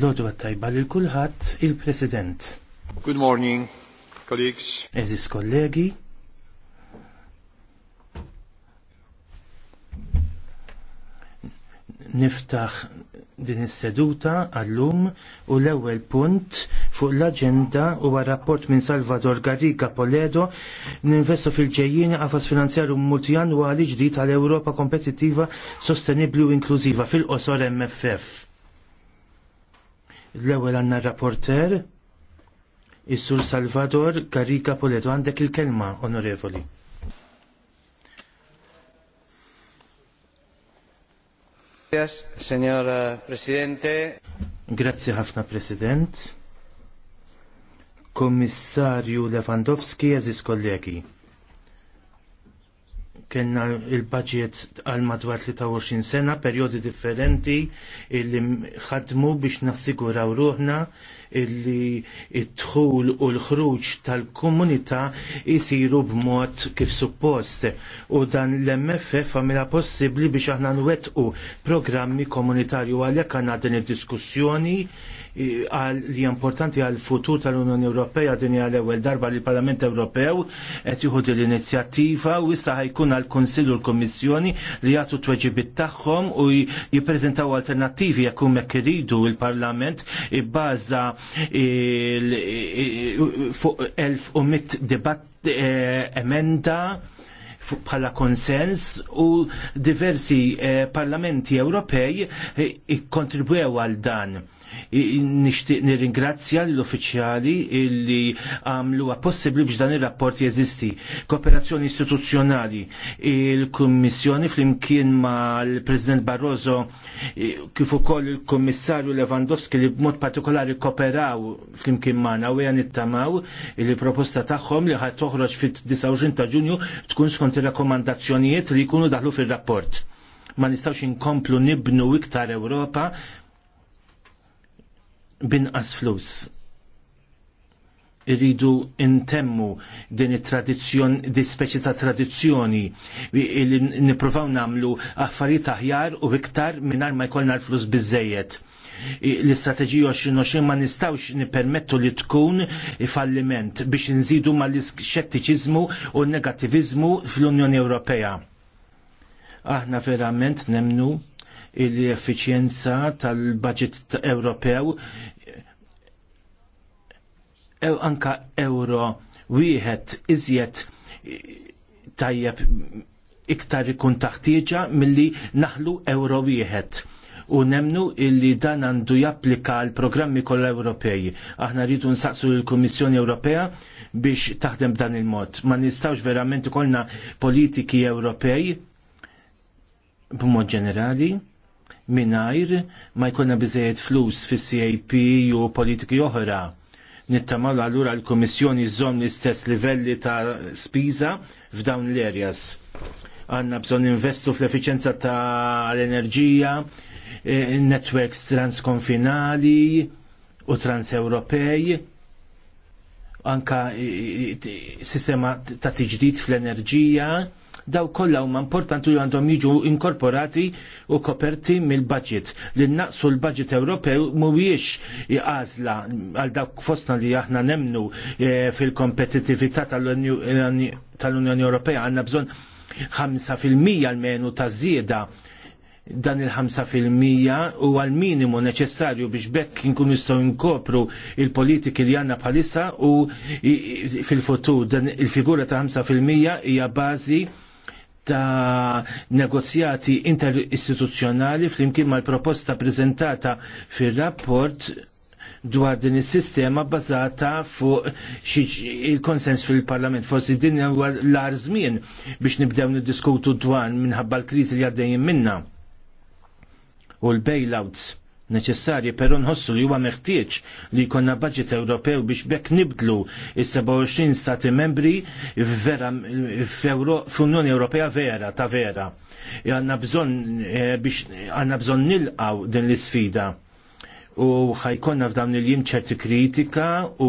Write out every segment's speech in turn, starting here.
Lodwa tajba li kulħadd il-President. Good morning, colleagues. Eżis kollegi. Niftaħ din is-seduta għallum u l-ewwel punt fuq l-aġenda huwa rapport minn Salvador Garriga Poledo ninvestu fil-ġejjien għafas finanzjarju multijanwali ġdid għal Ewropa kompetittiva, sostenibbli u inklużiva fil-qosor MFF. L-ewwel għandna rapporter is-Sur Salvador Garriga Poledo għandek il-kelma, onorevoli. Signor Presidente. Grazie ħafna President. Kommissarju Lewandowski, eżis kollegi. Kenna il-budget għal madwar 23 sena, periodi differenti, illi ħadmu biex nassiguraw ruħna illi id-dħul u l-ħruġ tal-komunità jisiru b'mod kif suppost u dan l-MFF għamilha possibbli biex aħna nwettqu programmi komunitarju għalhekk għandna din id-diskussjoni li importanti għal futur tal-Unjoni Ewropea din hija l-ewwel darba li l-Parlament Ewropew qed jieħu din l-inizjattiva u issa ħajkun għall kunsill u l-Kummissjoni li jagħtu tweġibiet tagħhom u jippreżentaw alternattivi jekk hemmhekk iridu l parlament ibbaża fuq 1100 debat eh, emenda bħala konsens u diversi eh, parlamenti Ewropej eh, ikkontribwew għal dan nixtieq nirringrazzja l-uffiċjali illi għamlu possibbli biex dan ir-rapport jeżisti. Kooperazzjoni istituzzjonali. Il-Kummissjoni flimkien mal-President Barroso kif ukoll il-Kummissarju Lewandowski li b'mod partikolari kooperaw flimkien magħna u għan it-tamaw il-proposta tagħhom li ħad toħroġ fit-29 ta' Ġunju tkun skont ir-rakkomandazzjonijiet li jkunu daħlu fir-rapport ma nistawx inkomplu nibnu iktar Ewropa binqas flus. Irridu intemmu din it-tradizzjon, di speċi ta' tradizzjoni li niprofaw namlu affarijiet aħjar u iktar minar ma jkollna l-flus bizzejiet. L-istrateġija 2020 ma nistawx nipermettu li tkun falliment biex nżidu mal iskettiċiżmu u n-negativizmu fl-Unjoni Ewropea. Aħna verament nemnu l-effiċjenza tal-budget Ewropew ew anka euro wieħed iżjed tajjeb iktar ikun taħtieġa milli naħlu euro wieħed u nemnu illi dan għandu japplika l programmi kollha Ewropej. Aħna rridu nsaqsu l-Kummissjoni Ewropea biex taħdem b'dan il-mod. Ma nistawx verament ikollna politiki Ewropej b'mod ġenerali minajr ma jkollna biżejjed flus fis cap u politiki oħra. Nittamal allura l-Komissjoni żomm l-istess livelli ta' spiża f'dawn l-areas. Għanna bżon investu fl-efficienza ta' l-enerġija, e, networks transkonfinali u transewropej, anka sistema ta' tiġdid fl-enerġija, daw kollha huma importanti li għandhom jiġu inkorporati u koperti mill-budget. Li naqsu l-budget Ewropew mhuwiex għażla għal dawk fostna li aħna nemnu eh, fil-kompetitività tal-Unjoni Ewropea għandna bżonn 5% almenu ta' żieda dan il-5% u għal minimu neċessarju biex bekk nkun nistgħu nkopru il-politiki li għandna bħalissa u fil-futur dan il-figura ta' 5% hija bażi ta' negozjati interistituzzjonali flimkien mal-proposta prezentata fil-rapport dwar din is-sistema bbażata fuq il-konsens fil-Parlament. Forsi din huwa l-ar żmien biex nibdew niddiskutu dwar minħabba l-kriżi li għaddejjin minna u l-bailouts neċessarji, pero nħossu li huwa meħtieġ li jkollna budget Ewropew biex bekk nibdlu is-27 stati membri vera f'Unjoni Ewropea vera ta' vera. E għandna bżonn e, biex għandna bżonn nilqaw din l-isfida u ħajkonna f'dawn il-jim ċerti kritika u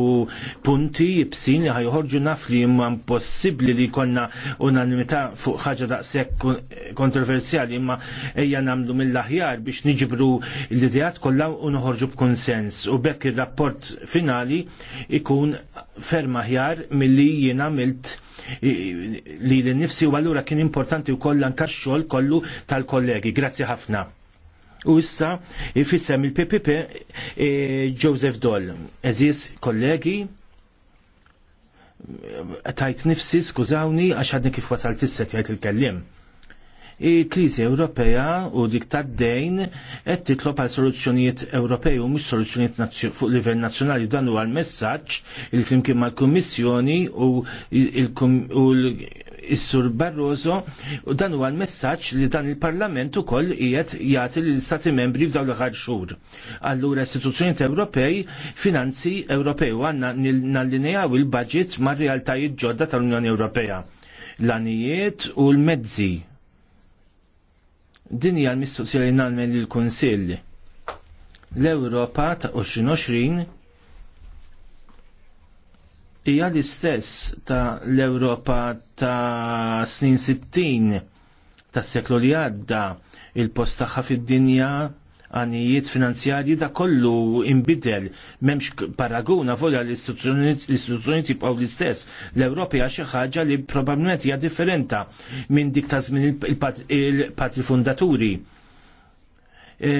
punti jibsin li ħajħorġu naf li imma possibli li konna unanimità fuq ħaġa daqshekk kontroversjali imma ejja namlu mill-aħjar biex niġbru l-idejat kollha u noħorġu b'konsens u bekk ir-rapport finali ikun ferm aħjar milli jien għamilt li l-nifsi u allura kien importanti u kollan kaxxol kollu tal-kollegi. Grazzi ħafna. U issa ifissem il-PPP e, Joseph Doll. Eżis kollegi, tajt nifsi, skużawni, għax għadni kif wasalt isset jgħajt il-kellim il-kriżi Ewropea u dik tad-dejn qed titlob għal soluzzjonijiet Ewropej u mhux soluzzjonijiet fuq livell nazzjonali dan huwa l-messaġġ il kien mal-Kummissjoni u il-Sur Barroso u dan huwa l-messaġġ li dan il-Parlament ukoll qiegħed jagħti lill-Stati membri fdaw l-aħħar xhur. Allura istituzzjonijiet Ewropej, finanzi Ewropej u għandna nallinejaw il-budget mar-realtajiet ġodda tal-Unjoni Ewropea l-anijiet u l-mezzi Din hija l-mistoqsija li nagħmel lill-Kunsill. L-Ewropa ta' 2020 hija l-istess ta' l-Ewropa ta' snin 60 tas-seklu li għadda il-post tagħha fid-dinja għanijiet finanzjarji da kollu imbidel memx paraguna volja l-istituzzjoni tibqaw l-istess l-Ewropi għaxi ħaġa li probabilment hija differenta minn dik ta' żmien il-patri fundaturi. E,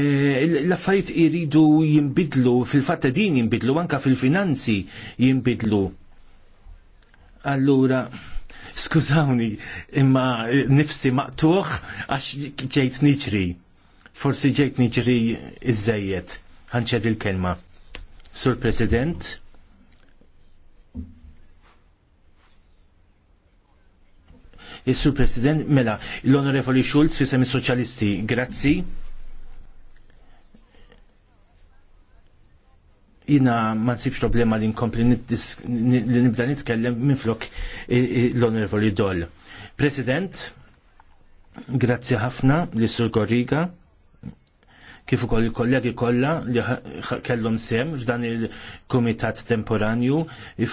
l-affarijiet iridu jimbidlu fil-fatta din jimbidlu anka fil-finanzi jimbidlu. Allura, skużawni, imma nifsi maqtuħ għax ġejt niċri forsi ġejt niġri żejjed ħanċed il-kelma. Sur President, sur President, mela, l-Onorevoli Schulz fi semi soċjalisti, grazzi. jina ma nsibx problema li nkompli li nibda nitkellem minflok l-Onorevoli Doll. President, grazzi ħafna li Sur Gorriga kif ukoll il-kollegi kollha li kellhom sem f'dan il-kumitat temporanju,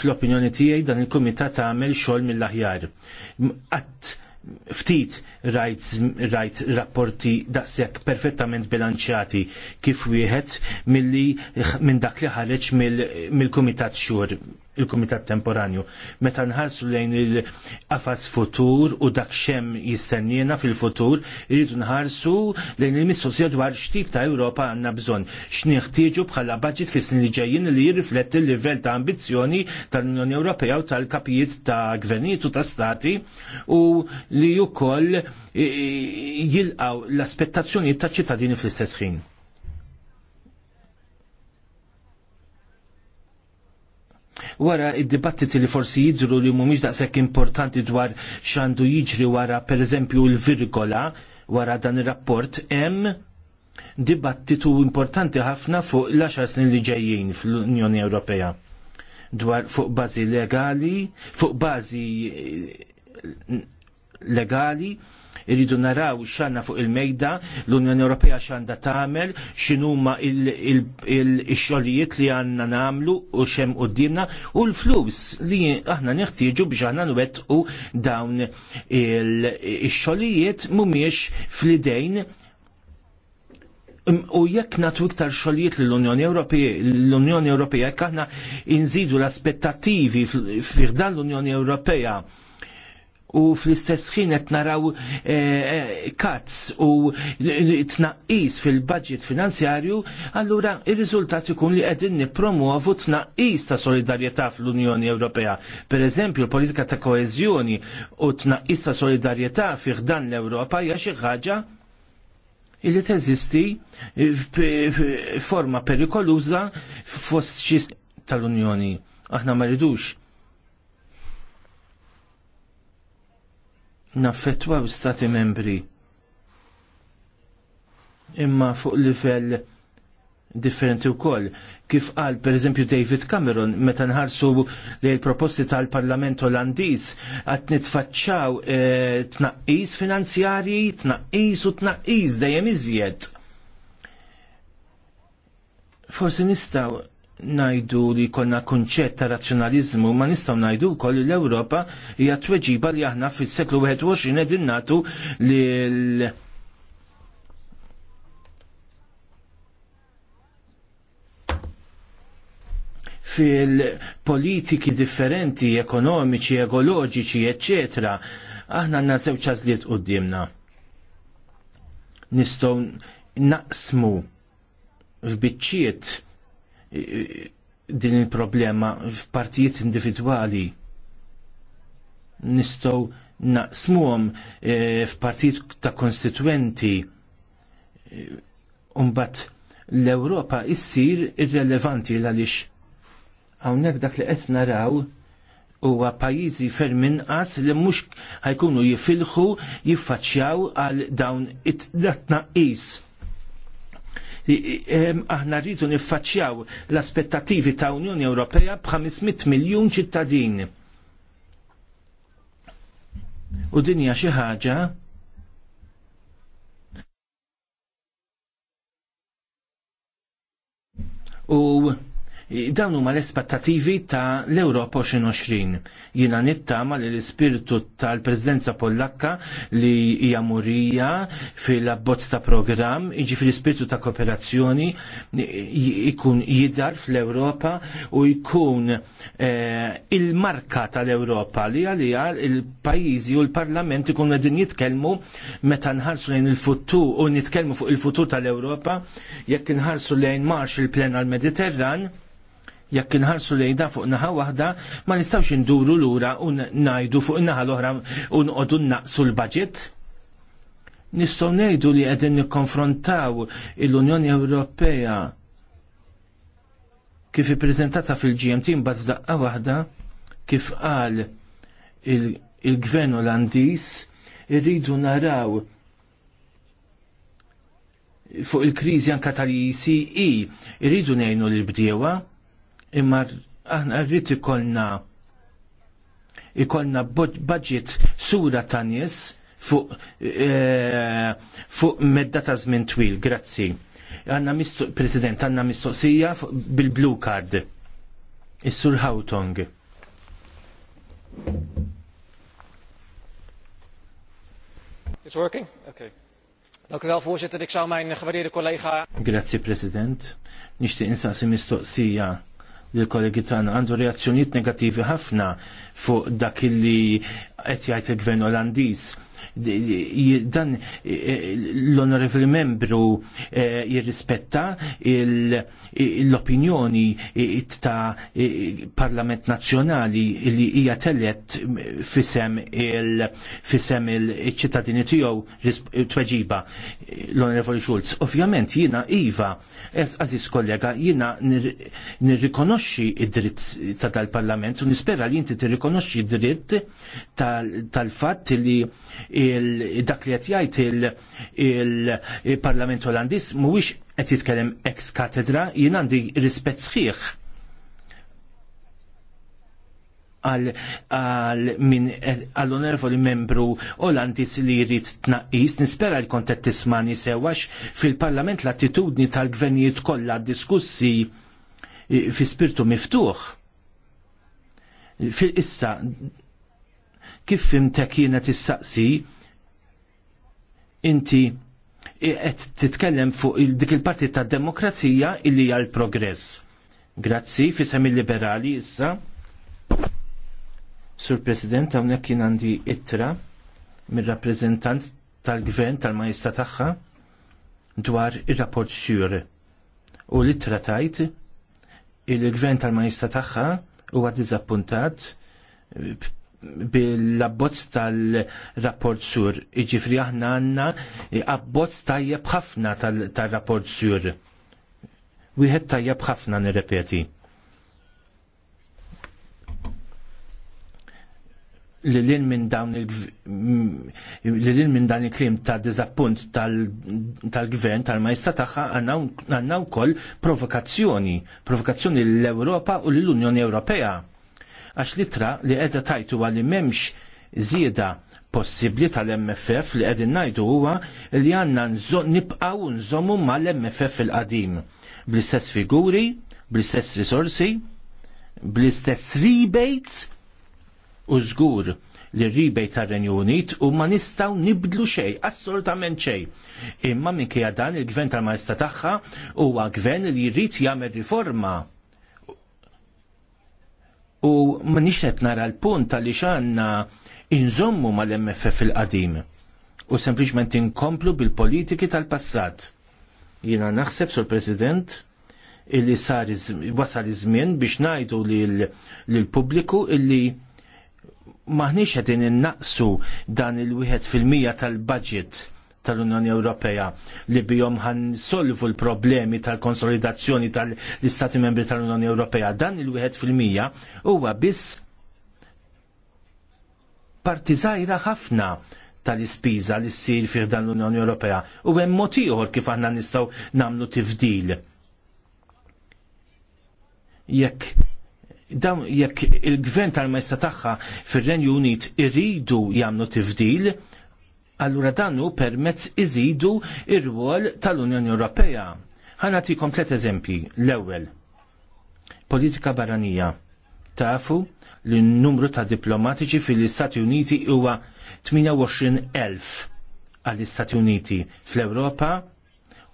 fl-opinjoni tiegħi dan il-kumitat għamel xogħol mill-aħjar. Qatt, ftit rajt rapporti daqshekk perfettament bilanċjati kif wieħed milli minn dak li ħareġ mill-kumitat xhur il-Kumitat Temporanju. Meta nħarsu lejn il-qafas futur u dak xem jistennijena fil-futur, irridu nħarsu lejn il-mistoqsija dwar x'tip ta' Ewropa għandna bżonn, x'nieħtieġu bħala budget fis-snin li ġejjin li jirrifletti l-livell ta' ambizzjoni tal-Unjoni Ewropea u tal-kapijiet ta' gvernijiet u ta' stati u li wkoll jilqaw l-aspettazzjoni ta' ċittadini fl-istess ħin. Wara id-dibattiti li forsi jidru li mhumiex daqshekk importanti dwar x'għandu jiġri wara pereżempju l-virgola wara dan ir-rapport hemm dibattitu importanti ħafna fuq l-10 snin li ġejjin fl-Unjoni Ewropea dwar fuq bażi legali, fuq bażi legali Irridu naraw x'għandna fuq il-mejda l-Unjoni Ewropea x'għandha tagħmel, x'inhuma il, xogħlijiet li għandna nagħmlu u u qudiemna u l-flus li aħna neħtieġu biex nwet nwettqu dawn ix-xogħlijiet mhumiex fl-idejn U jekk natu iktar xogħlijiet l-Unjoni Ewropea, l-Unjoni Ewropea jekk aħna inżidu l-aspettattivi fir dan l-Unjoni Ewropea u fl-istess ħin qed naraw eh, eh, cuts u tnaqqis fil-budget finanzjarju, allura ir-riżultat ikun li qegħdin nippromuovu tnaqqis ta' solidarjetà fl-Unjoni Ewropea. Per eżempju, l-politika ta' koeżjoni u tnaqqis ta' solidarjetà fih dan l-Ewropa hija xi ħaġa illi teżisti forma perikoluża fost xi tal-Unjoni. Aħna ma rridux naffettwaw stati membri imma fuq livell differenti u koll. Kif qal per eżempju David Cameron, meta nħarsu li l-proposti tal-Parlament Olandiż għat nitfaċċaw e, tnaqqis finanzjarji, tnaqqis u tnaqqis dejjem iżjed. Forsi nistaw najdu li konna kunċett ta' razzjonalizmu, ma nistaw najdu koll l-Europa hija tweġiba li aħna fis-seklu 21 qegħdin nagħtu li l fil-politiki differenti, ekonomiċi, ekoloġiċi, eccetera, aħna għanna zewċ għazliet u d-dimna. Nistaw naqsmu f'biċċiet din il-problema f'partijiet individwali nistgħu naqsmuhom e, f'partijiet ta' konstituenti e, umbat l-Ewropa issir irrelevanti għaliex hawnhekk dak li qed naraw huwa pajjiżi ferm inqas li mhux ħajkunu jifilħu jiffaċċjaw għal dawn it-tnaqqis aħna rridu niffaċċjaw l-aspettativi ta' Unjoni Ewropea b'500 miljun ċittadin. U dinja xi ħaġa u dawn huma l-espettativi ta' l-Europa 2020. Jiena nittama li l-ispirtu tal-Presidenza Pollakka li hija murija fil-abbozz ta' programm, iġi fil-ispirtu ta' kooperazzjoni ikun jidar fl-Europa u jkun eh, il-marka tal-Europa li għalija il-pajjiżi u l-Parlament ikun qegħdin jitkellmu meta nħarsu lejn il-futur u nitkellmu fuq il-futur tal-Europa jekk nħarsu lejn marx il-plen għal-Mediterran jekk inħarsu lejn fuq naħa waħda ma nistawx induru lura u najdu fuq naħa l-oħra u nqodu naqsu l-budget. Nistgħu ngħidu li qegħdin nikkonfrontaw l-Unjoni Ewropea kif ippreżentata fil-GMT mbagħad daqqa waħda kif qal il-Gvern il Olandiż irridu naraw fuq il-kriżi anka tal-ICE e. irridu ngħinu l-bdiewa imma aħna rrid ikollna ikollna budget sura ta' nies fuq e, fuq medda ta' żmien twil, grazzi. Għanna mistu, President, għanna mistoqsija bil-blue card. Is-Sur Hawtong. It's working? Okay. Dank u wel, voorzitter. Ik zou mijn gewaardeerde collega... Grazie, president. Nishti insaqsi mistoqsija l-kollegi tagħna għandu reazzjonijiet negattivi ħafna fuq dak li qed jgħid il-Gvern Olandiż dan l-onorevoli membru eh, jirrispetta l-opinjoni ta' Parlament Nazzjonali li hija tellet fisem il-fisem il-ċittadini tiegħu tweġiba l-Onorevoli Schulz. Ovvjament jiena iva, għażis kollega, jiena nirrikonoxxi id-dritt ta' dal-Parlament u nispera li jinti tirrikonoxxi id-dritt tal-fatt li dak li qed jgħid il-Parlament Olandis mhuwiex qed jitkellem ex katedra jien għandi rispett sħiħ għal min onervoli membru Olandis li jrid tnaqqis, nispera l-kontet tismani sewax fil-parlament l-attitudni tal-gvernijiet kollha diskussi fi spirtu miftuħ. Fil-issa kif fimta kienet issaqsi, inti qed titkellem fuq dik il-parti tad-demokrazija illi hija l-progress. Grazzi fisem il-liberali issa. Sur President, hawnhekk kien għandi ittra mir-rappreżentant tal-gvern tal majista tagħha dwar ir-rapport xjur. U l-ittra tajt il-gvern tal majista tagħha huwa diżappuntat bil-abbozz tal-rapport sur. Iġifri aħna għanna abbozz tajjeb ħafna tal-rapport sur. Wieħed tajjeb ħafna nirrepeti. Lilin minn dawn minn dan il-klim ta' dizappunt tal-gvern tal-majsta tagħha għandna wkoll provokazzjoni, provokazzjoni l-Ewropa u l-Unjoni Ewropea għax litra li qiegħda tajtu għalli m'hemmx zida possibbli tal-MFF li qegħdin ngħidu huwa li għandna nibqgħu nżommu mal-MFF il-qadim bl-istess figuri, bl-istess risorsi, bl-istess rebates u zgur li rebate tar renju Unit u ma nistaw nibdlu xej, assolutament xej. Imma kja dan il-gvern tal-majsta tagħha huwa gvern li jrid jagħmel riforma u m'nix qed nara l-punt għaliex għandna inżommu mal-MFF il-qadim u sempliċement inkomplu bil-politiki tal-passat. Jiena naħseb sur President illi sar wasal iż-żmien biex ngħidu lill-pubbliku illi maħniex qegħdin innaqsu dan il-1 fil-mija tal-budget tal-Unjoni Ewropea li bijom ħan solvu l-problemi tal-konsolidazzjoni tal-Istati membri tal-Unjoni Ewropea. Dan il-1 fil-mija huwa biss parti zaħira ħafna tal-ispiża li ssir fih dan l-Unjoni Ewropea. U hemm mod ieħor kif aħna nistgħu nagħmlu tifdil. Jekk dawn jekk il-gvern tal majsta tagħha fir-Renju Unit irridu jagħmlu tifdil, Allura dannu permezz iżidu ir wol tal-Unjoni Ewropea. Ħanati komplet eżempji. L-ewwel, politika barranija. Tafu li n-numru ta' diplomatiċi fil-Istati Uniti huwa 28,000 għall-Istati Uniti. Fl-Ewropa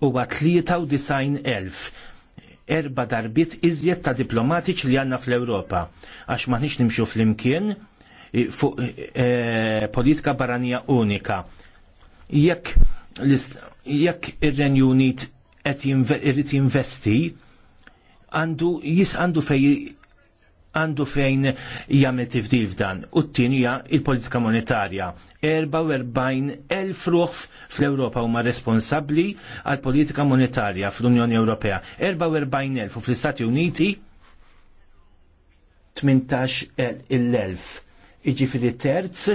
huwa 93,000 erba darbiet iżjed ta' diplomatiċi li għanna fl-Ewropa. Għax maħniċ nimxu fl-imkien fuq e, politika barranija unika. Jekk jekk ir-Renju Unit qed irid jinvesti, għandu jis għandu fej għandu fejn jagħmel tifdil f'dan. U t-tieni hija l-politika monetarja. 44,000 ruħ fl-Ewropa huma responsabbli għal politika monetarja fl-Unjoni Ewropea. 44,000 u fl-Istati Uniti l-elf fili terz,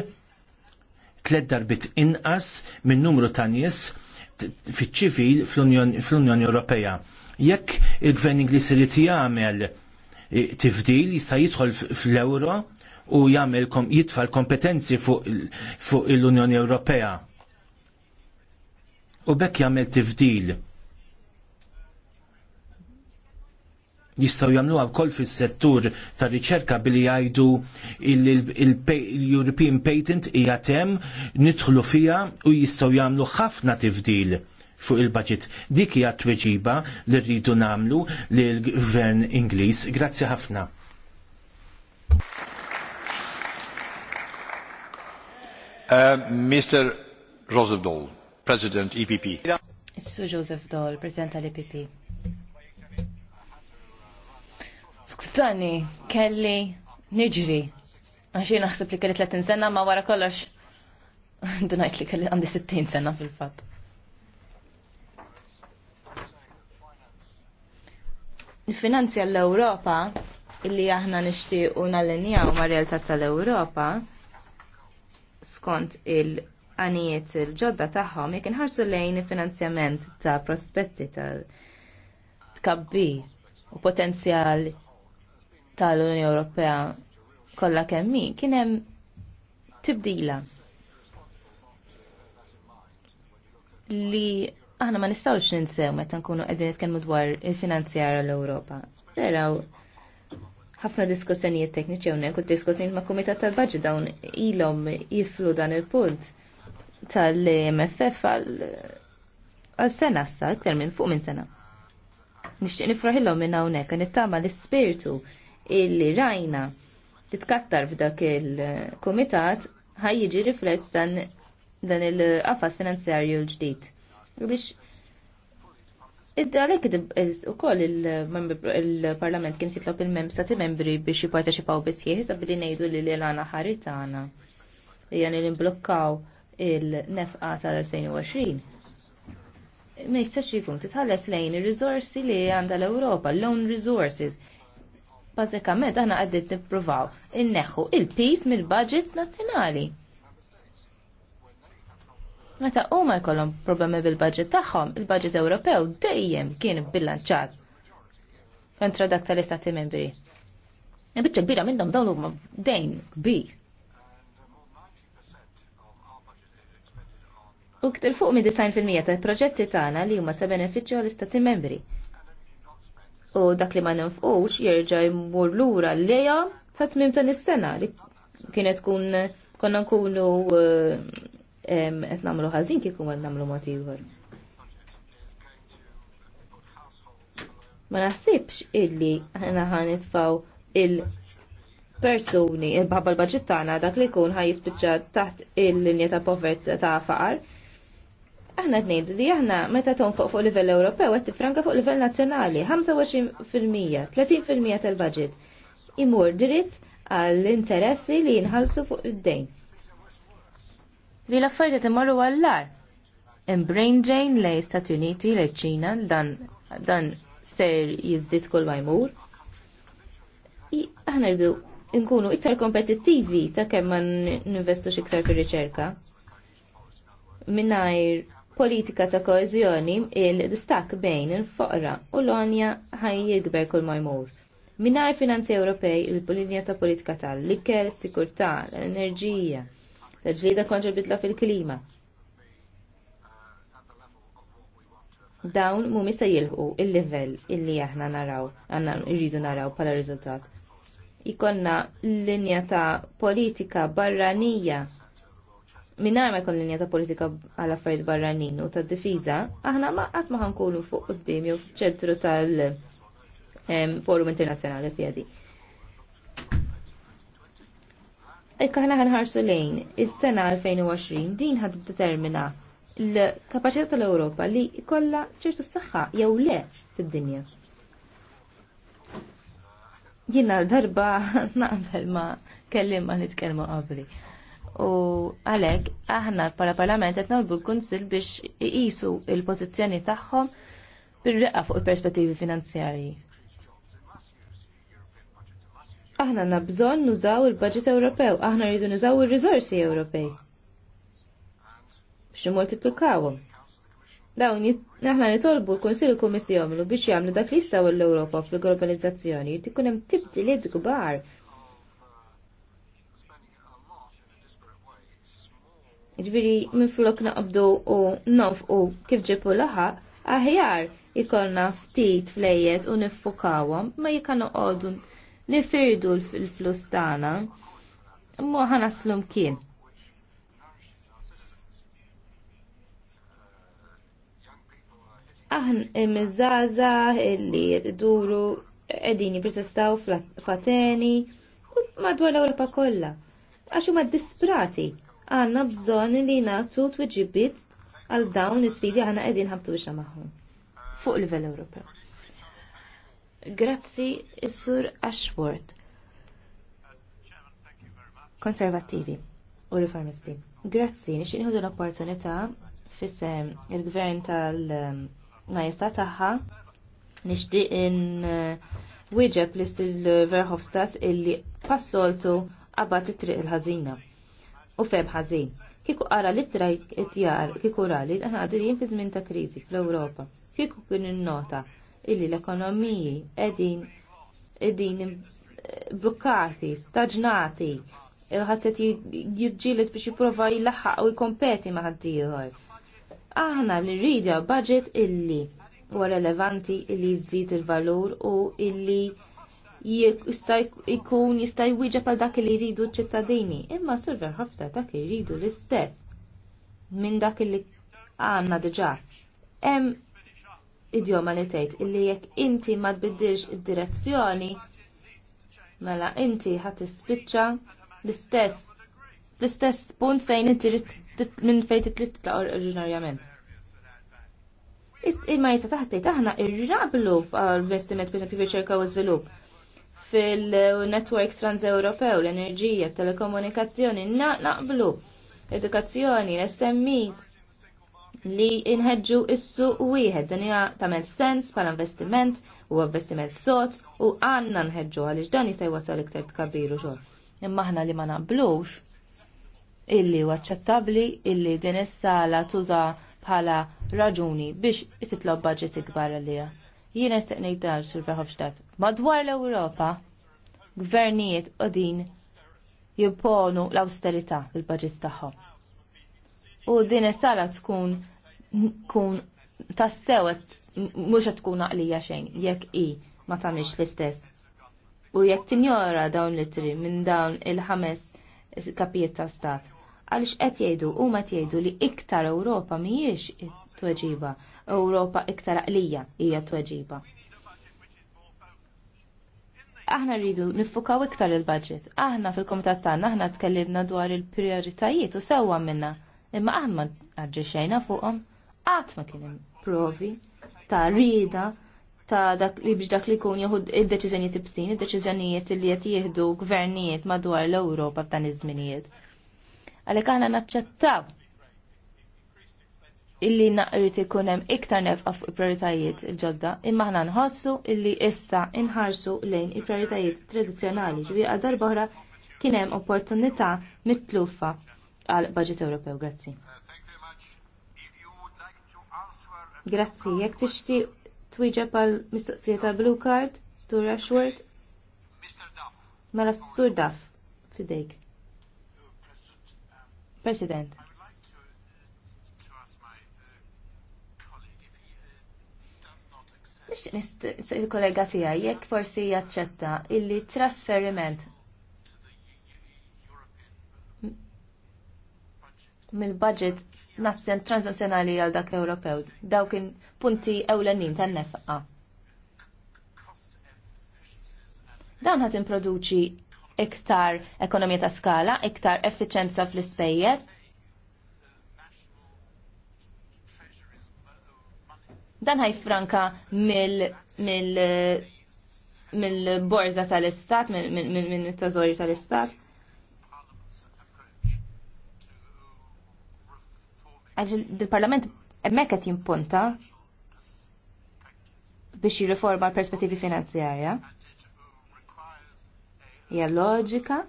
tlet darbit inqas minn numru ta' nies fiċ-ċivil fl-Unjoni Ewropea. Jekk il-Gvern Ingliż irid jagħmel eh, tifdil jista' jidħol fl ewro u jagħmel jitfal kompetenzi fuq l-Unjoni Ewropea. U bekk jagħmel tifdil jistaw jamlu għal fil-settur ta' riċerka billi jgħidu il-European Patent hija tem nidħlu fija u jistaw jamlu ħafna tifdil fuq il-budget. Dik hija tweġiba li rridu namlu l gvern Ingliż. Grazzi ħafna. Uh, Mr. Roosevelt, President EPP. Su Joseph President epp Skużani, kelli niġri. Għaxi naħseb li kelli 30 sena ma wara kollox. Dunajt li kelli għandi 60 sena fil-fat. Finanzja l-Europa illi aħna nishtiq u nallinjaw ma' realtà tal-Europa skont il- għanijiet il-ġodda tagħhom jekk ħarsu lejn il-finanzjament ta' prospetti ta' tkabbi u potenzjal tal-Unjoni Ewropea kollha kemm min kien hemm tibdila li aħna ma nistgħux ninsew meta nkunu qegħdin nitkellmu dwar il-finanzjar l-Ewropa. Veraw ħafna diskussjonijiet tekniċi hawnhekk u diskussjonijiet ma' kumitat tal-Baġġi dawn ilhom jiflu dan il-punt tal-MFF għal sena sa, iktar minn fuq minn sena. Nixtieq nifraħilhom minn hawnhekk, nittama l-ispirtu illi rajna titkattar f'dak il-komitat ħaj jiġi rifless dan, dan il-qafas finanzjarju l-ġdid. Biex id dalek u koll il-parlament kien sitlob il-mem stati membri biex jiparteċipaw bisħieħ, sabili nejdu li l-għana ħaritana. Jgħan il-imblokkaw il-nefqa tal-2020. Ma jistax jikun titħalles lejn il-rizorsi li għanda l-Europa, l-own resources, Bażikament aħna qegħdin nippruvaw inneħħu il-pis mill-budgets nazzjonali. Meta huma jkollhom problemi bil-budget tagħhom, il-budget Ewropew dejjem kien bbilanċat kontra dak tal-istati membri. Il-biċċa kbira minnhom dawn huma dejn kbir. U ktir fuq minn 90% tal-proġetti tagħna li huma ta' benefiċċju għall-istati membri u dak li ma ninfqux jerġa' jmur lura l-leja ta' tmim ta' nis-sena li kienet kun konna nkunu eh, qed nagħmlu ħażin kif kien nagħmlu mod ieħor. Ma naħsibx illi ħana ħanitfaw il- persuni il-babba l-bagġittana dak li kun ħaj jispiċċa taħt il-linja ta' povert ta' faqar aħna t-nejdu li aħna meta tonfoq fuq livell Ewropew għed tifranka fuq livell nazzjonali 25%, 30% tal-budget imur dritt għall-interessi li jinħalsu fuq id-dejn. Li l-affarijiet imorru għallar. In brain drain lej Stati Uniti lej ċina dan dan ser jizdit kull ma jmur. Aħna rridu nkunu iktar kompetittivi ta' kemm ma n-investu iktar fir-riċerka minnajr politika ta' koezjoni il-distak bejn il-foqra u l-onja ħaj jikber kull majmur. Minar finanzi Ewropej il-linja ta' politika tal-liker, sikurtà, l-enerġija, l-ġlida kontra bidla fil-klima. Dawn mu se jilħu il-level illi aħna naraw, għanna rridu naraw pala riżultat. Ikonna l-linja ta' politika barranija minnar ma jkun linja ta' politika għal affarijiet barranin u ta' difiża, aħna ma qatt ma ħankunu fuq qudiem jew ċentru tal-forum internazzjonali fjedi. Ekk aħna ħanħarsu lejn is-sena 2020 din ħad determina l-kapaċità tal-Ewropa li kollha ċertu s-saħħa jew le fid-dinja. Jiena darba naqbel ma kellim ma nitkellmu qabli u għalek aħna pala parlament qed nolbu l-Kunsil biex iqisu il-pożizzjoni tagħhom bil reqqa fuq il-perspettivi finanzjarji. Aħna għandna bżonn nużaw il-budget Ewropew, aħna rridu nużaw ir-riżorsi Ewropej biex multiplikawum. Dawn aħna nitolbu l-Kunsil u Kummissjoni biex jagħmlu dak li jistgħu l-Ewropa fil-globalizzazzjoni tibdi hemm tibdiliet kbar Ġviri, minn flok naqbdu u u kif ġipu laħaq, aħjar ikolna ftit flejjes u nifukawam ma jikanu għodu nifirdu l-flus tagħna. Mu ħanaslum kien. Aħn imizzaza illi duru edini fl fateni u madwar l-Ewropa kollha. Għax huma disprati għanna bżon li natu tweġibit għal dawn l-sfidi għanna għedin ħabtu biex maħħum fuq livell Ewropew. Grazzi is-sur Ashworth. Konservattivi u riformisti. Grazzi, nixin nħudu l-opportunità fissem il-gvern tal majestat taħħa nixtieq in wieġeb l-istil Verhofstadt illi passoltu qabad it-triq il-ħażina u feb ħażin. Kieku qara l-ittra jtjar, kiku rali, aħna għadirjien fi żmien ta' kriżi fl-Ewropa. Kieku kien innota illi l-ekonomiji qegħdin qegħdin blokkati, staġnati, e ħattet jirġilet biex jiprofa jilaħħaq u jkompeti ma' ieħor. Aħna li rridja budget illi huwa relevanti illi jżid il-valur u illi jista' jkun jista' jwieġeb għal dak li jridu ċittadini Imma surver ħafna dak li jridu l-istess minn dak li għanna dġa. Hemm idjoma li tgħid illi jekk inti ma tbiddilx id-direzzjoni mela inti ħat ispiċċa l-istess l-istess punt fejn inti minn fejn titrid titla' oriġinarjament. Imma jista' taħtejt aħna irrablu għal investiment per esempio ricerka u żvilupp fil-networks trans-Ewropew, l-enerġija, telekomunikazzjoni, naqblu, edukazzjoni, SMEs, li inħedġu issu u wieħed dan hija tagħmel sens bħala investiment u investiment sot u għandna nħedġu għaliex dan jista' wasal iktar tkabbiru xogħol. Imma aħna li ma naqblux illi huwa aċċettabbli illi din is-sala tuża bħala raġuni biex titlob budget ikbar għalija. Jiena staqnejt dar sur Verhofstadt. Madwar l-Ewropa, gvernijiet u din jibponu l austerita il budget tagħhom. U din is-sala tkun kun tassewet mhux qed tkun naqlija xejn jekk i ma tagħmilx l-istess. U jekk tinjora dawn litri minn dawn il-ħames kapijiet ta' stat. Għaliex qed jgħidu huma ma jgħidu li iktar Ewropa mhijiex tweġiba Ewropa iktar għalija hija tweġiba. Aħna rridu nifukaw iktar il-budget. Aħna fil-komitat tagħna aħna tkellimna dwar il-prioritajiet u sewwa minna. Imma aħna ma fuqhom qatt ma kien provi ta' rida ta' dak li biex dak li jkun jieħud id-deċiżjonijiet ibsin, id-deċiżjonijiet li qed jieħdu gvernijiet madwar l-Ewropa f'dan iż-żminijiet. Għalhekk aħna naċċettaw illi naqrit ikun hemm iktar nefqa fuq il-prioritajiet il-ġodda, imma aħna nħossu illi issa inħarsu lejn il-prioritajiet tradizzjonali ġwieqa' għal darbohra kien hemm opportunità mitlufa għal budget Ewropew. Grazzi. Grazzi, jekk tixtieq twieġeb għal mistoqsija ta' Blue Card, Stur Ashworth, mela Sur Duff fidejk. President. il-kollega tiegħi jekk forsi jaċċetta illi trasferiment mill-budget nazzjon għal dak Ewropew. dawk in punti ewlenin tan-nefqa. Dan ħat improduċi iktar ekonomija ta' skala, iktar effiċenza fl-ispejjeż, Dan ħajfranka mill mill mill-borza tal-istat, mill mill tal-istat. Għaxil il-parlament emmek qed jimpunta biex jirriforma l-perspettivi finanzjarja. Hija loġika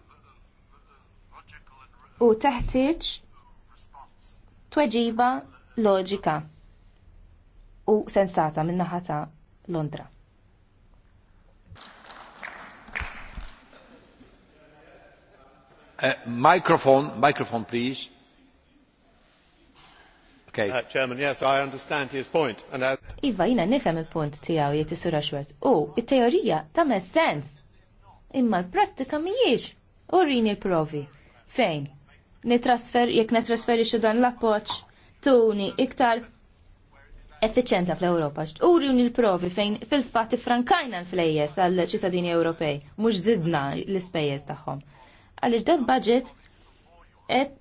u teħtieġ tweġiba loġika u sensata min-naħa ta' Londra. Uh, microphone, microphone please. Okay. Uh, Chairman, yes, I understand his point. And as... Iva, jina nifem il-punt tijaw jieti sura xwert. U, il-teorija tamme sens. Imma l-prattika mijiex. U rini l-provi. Fejn? Nitrasfer, jek netrasferi xudan l-appoċ, tuni iktar effiċenza fl-Ewropa. Uri un il-provi fejn fil-fat frankajna l-flejjes għal-ċittadini Ewropej, mux zidna l-ispejjes tagħhom. Għalix dan budget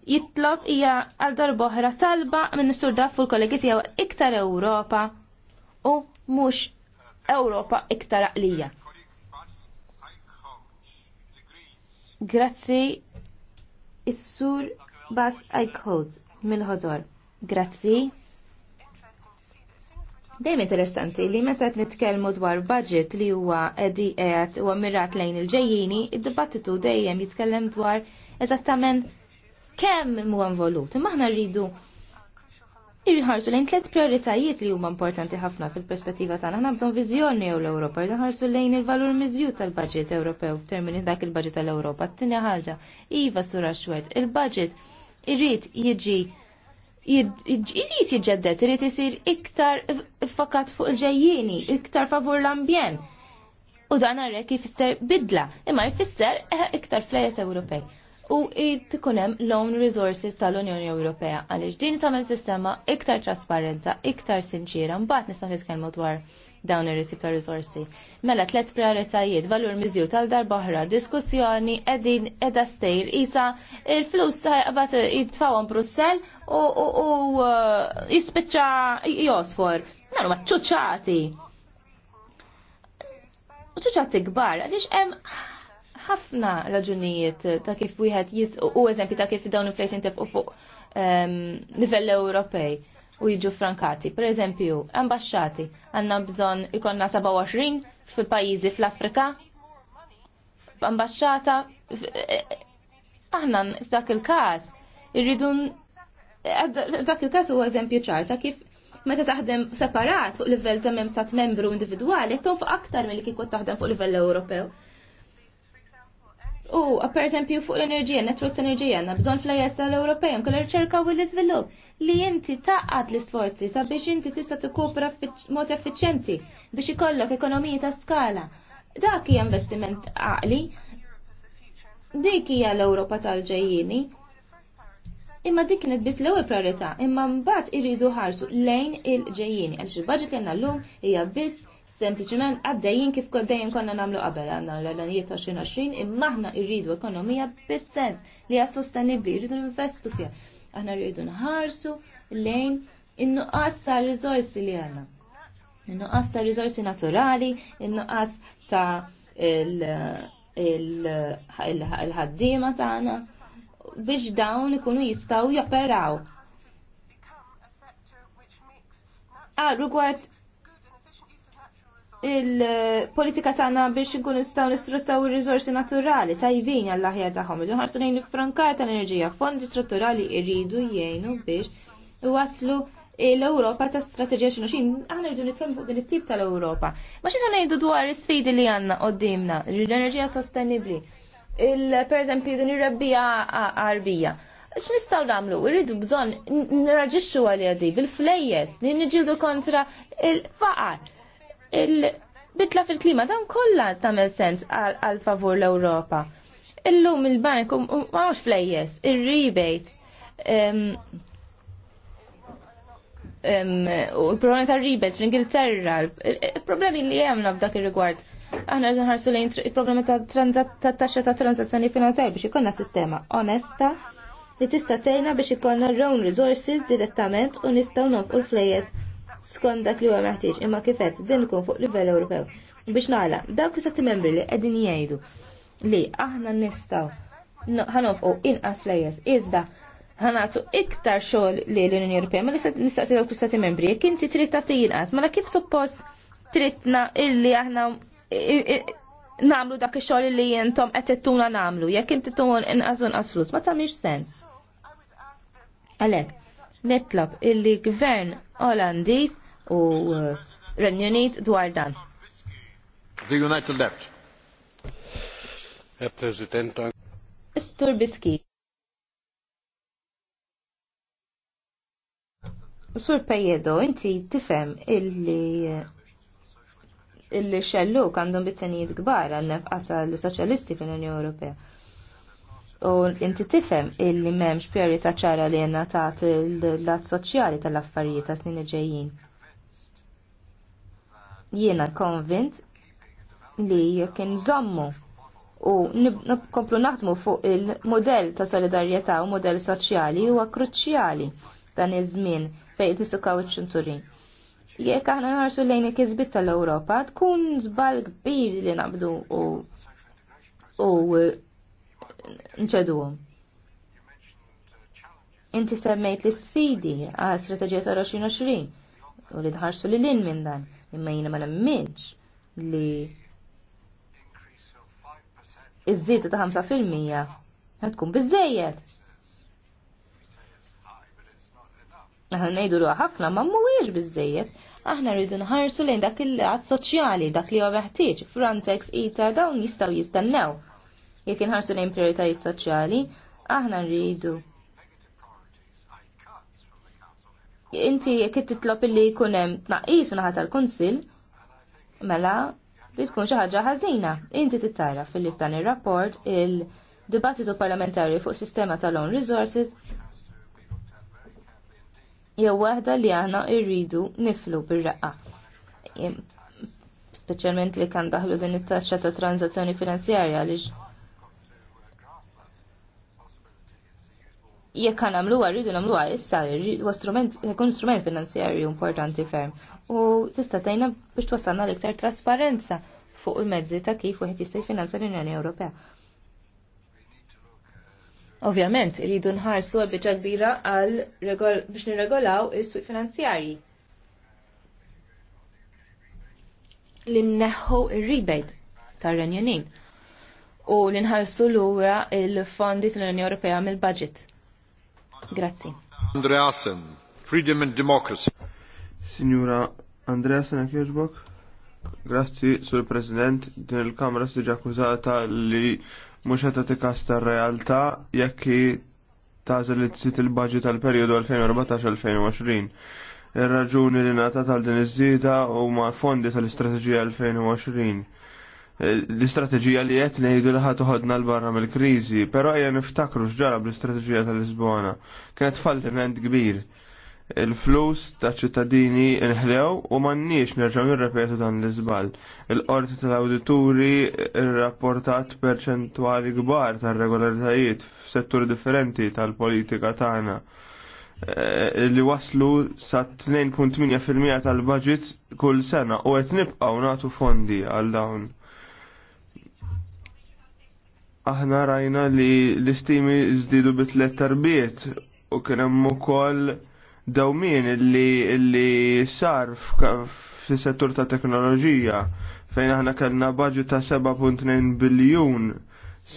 jitlob hija għal darboħra talba minn sur daf fuq kollegi tiegħu iktar Ewropa u mhux Ewropa iktar għalija. Grazzi is-sur Bas Eichholt mill-ħodor. Grazzi. Dejjem interessanti li meta qed nitkellmu dwar budget li huwa qedi qed huwa mirat lejn il-ġejjini, id-dibattitu dejjem jitkellem dwar eżattament kemm mu involut. Imma aħna rridu irħarsu lejn tliet prioritajiet li huma importanti ħafna fil-perspettiva tagħna. Aħna bżonn viżjoni jew l-Ewropa, rridu ħarsu lejn il-valur miżjud tal-budget Ewropew f'termini dak il-budget tal-Ewropa. t ħaġa, iva sura xwed, il-budget irrid jiġi irrit jġeddet, jirrit jisir iktar fakat fuq il-ġejjini, iktar favur l-ambjent. U dan kif jfisser bidla, imma jfisser eh, iktar flejes Ewropej. U jtikunem loan resources tal-Unjoni Ewropea għaliex din tagħmel sistema iktar trasparenta, iktar sinċira, mbagħad nista' nitkellmu dwar dawn ir-tip ta' risorsi. Mela tliet prioritajiet valur miżju tal oħra, diskussjoni qegħdin qiegħda stejr isa il-flus qabad eh, eh, jitfawhom Brussell u eh, jispiċċa josfor. Nagħmlu mela, ma ċuċċati. U ċuċċati kbar għaliex hemm ħafna raġunijiet ta' kif wieħed u eżempju ta' kif dawn il-flejs jintefqu fuq nivell ehm, Ewropej u jiġu frankati. Per eżempju, ambasċati għanna bżon ikonna 27 fil-pajizi fl-Afrika, ambasċata, e- e- aħna f'dak il-kas, irridu, f'dak il-kas u eżempju ċarta kif meta taħdem separat fuq livell ta' memsat membru individwali, tonf aktar mill-li kikot taħdem fuq livell Ewropew. U, per eżempju, fuq l-enerġija, networks enerġija, għanna bżon fl-IS tal-Ewropej, kull r-ċerka u l-izvilup li inti taqqat l-isforzi sabiex inti tista' tikkopra mod effiċjenti biex ikollok ekonomija ta' skala. Dak hija investiment għaqli. Dik hija l-Ewropa tal ġejjini Imma dik kienet biss l-ewwel priorità, imma mbagħad iridu ħarsu lejn il ġejjini għaliex il budget li l llum hija biss sempliciment għaddejjin kif dejjem konna namlu qabel għandna l-għalanijiet 2020 imma aħna irridu ekonomija bis-sens li hija sostenibbli, irridu investu fija. Aħna rridu nħarsu lejn in-nuqqas ta' riżorsi li għandna. In-nuqqas ta' naturali, in-nuqqas ta' il-ħaddiema tagħna biex dawn ikunu jistgħu joperaw. Ah, rigward il-politika tagħna biex nkun nistgħu nisfruttaw ir-riżorsi naturali tajbin għall aħjar tagħhom. Idu ħartu ngħidu frankata tal-enerġija, fondi strutturali jridu jgħinu biex waslu l-Ewropa ta' strateġija xinu xin, għana rridu nitkellmu fuq din it-tip tal-Ewropa. Ma xi ngħidu dwar is-sfidi li għandna qudiemna, l-enerġija sostenibbli. Per eżempju din ir-rebbija arbija x'nistgħu nagħmlu? Irridu bżonn nirraġixxu għal di bil-flejjes li niġildu kontra il-faqar il-bitla fil-klima dan kollha tagħmel sens għal favur l-Ewropa. Illum il bank m'hawnx um, um, flejjes, ir-rebates, u l-problemi ta' rebates fl-Ingilterra, il-problemi li jemna f'dak ir-rigward. Aħna rridu nħarsu lejn il-problemi ta' taxxa ta' transazzjoni finanzjarji biex ikollna sistema onesta li tista' tgħinna biex ikollna rown resources direttament u nistgħu nofqu l flejjes skont dak li huwa meħtieġ imma kifet din ikun fuq livell Ewropew. Biex nagħlaq dawk is membri li qegħdin jgħidu li aħna nistgħu ħanofqu inqas lejjes iżda ħanatu iktar xogħol li l-Unjoni Ewropea ma nistaqsi dawk is-stati membri jekk inti trid tagħti inqas mela kif suppost tridna illi aħna namlu dak ix-xogħol li jentom qed tittuna namlu jekk inti tkun inqas inqas flus ma tagħmilx sens. Għalhekk, nitlob illi gvern Olandiż u uh, Renju dwar dan. The United Left. President. Sturbiski. Sur Pajedo, inti tifem illi illi xellu għandhom bizzenijiet gbar għal nefqata l soċjalisti fil-Unjoni Ewropea u inti tifhem illi m'hemmx priorità ċara li jenna taħt il-lat soċjali tal-affarijiet ta' snin ġejjin. Jiena konvint li jekk inżommu u nkomplu naħdmu fuq il-modell ta' solidarjetà u modell soċjali huwa kruċjali dan iż-żmien fejn nisukaw iċ-ċunturin. Jekk aħna nħarsu lejn il-kisbit tal-Ewropa, tkun żball kbir li naqbdu u u nċeduhom. Inti semmejt l-sfidi għal strategija ta' 2020 u li tħarsu li lin minn dan, imma jiena ma nemminx li iż ta' 5% ħatkun biżejjed. Aħna ngħidu ruha ħafna ma mhuwiex bizzejed. Aħna rridu nħarsu lejn dak il għad soċjali, dak li għu meħtieġ, Frontex, ITA dawn jistgħu jistennew jekk inħarsu lejn prioritajiet soċjali, aħna rridu. Inti jekk titlob illi jkun hemm tnaqqis ħadd tal-Kunsill, mela li tkun xi ħaġa ħażina. Inti tittara fil f'dan ir-rapport il-dibattitu parlamentari fuq sistema tal-own resources jew waħda li aħna rridu niflu bir-raqqa speċjalment li kan daħlu din it taċċa ta' tranzazzjoni finanzjarja għaliex jekk nagħmluha rridu nagħmluha issa huwa strument jkun strument finanzjarju importanti ferm. U tista' tgħinna biex twassalna l-iktar trasparenza fuq il-mezzi ta' kif wieħed jista' jfinanza l-Unjoni Ewropea. Ovvjament, rridu nħarsu għabbiċa kbira għal biex nirregolaw is swi finanzjarji. Li nneħħu il rebate tar-Renju u li nħarsu lura il-fondi tal-Unjoni Ewropea mill-budget Grazzi. Andreasen, Freedom and Democracy. Signora Andreasen, għakjoġbok? Grazzi, Sur President, din il-Kamra s akkużata li mhux qed kasta tar-realtà jekk tażel li tsit il-budget tal-perjodu 2014-2020. il raġuni li ngħata tal din iż-żieda huma fondi tal-Istrateġija 2020 l-istrateġija li qed ngħidu li ħadd toħodna l-barra mill-kriżi, però ejja niftakru x'ġara bl-istrateġija tal-Lisbona. Kienet falliment kbir. Il-flus ta' ċittadini inħlew u m'għandniex nerġgħu nirrepetu dan l iżbal Il-qorti tal-awdituri rrapportat perċentwali kbar tar-regolaritajiet f'setturi differenti tal-politika tagħna eh, li waslu sa 2.8% tal-budget kull sena u qed nibqgħu nagħtu fondi għal dawn aħna rajna li l-istimi żdiedu bit-tlet tarbiet u kien hemm ukoll dawmin li li sar fis-settur ta' teknoloġija fejn aħna kellna baġġu ta' 7.2 biljun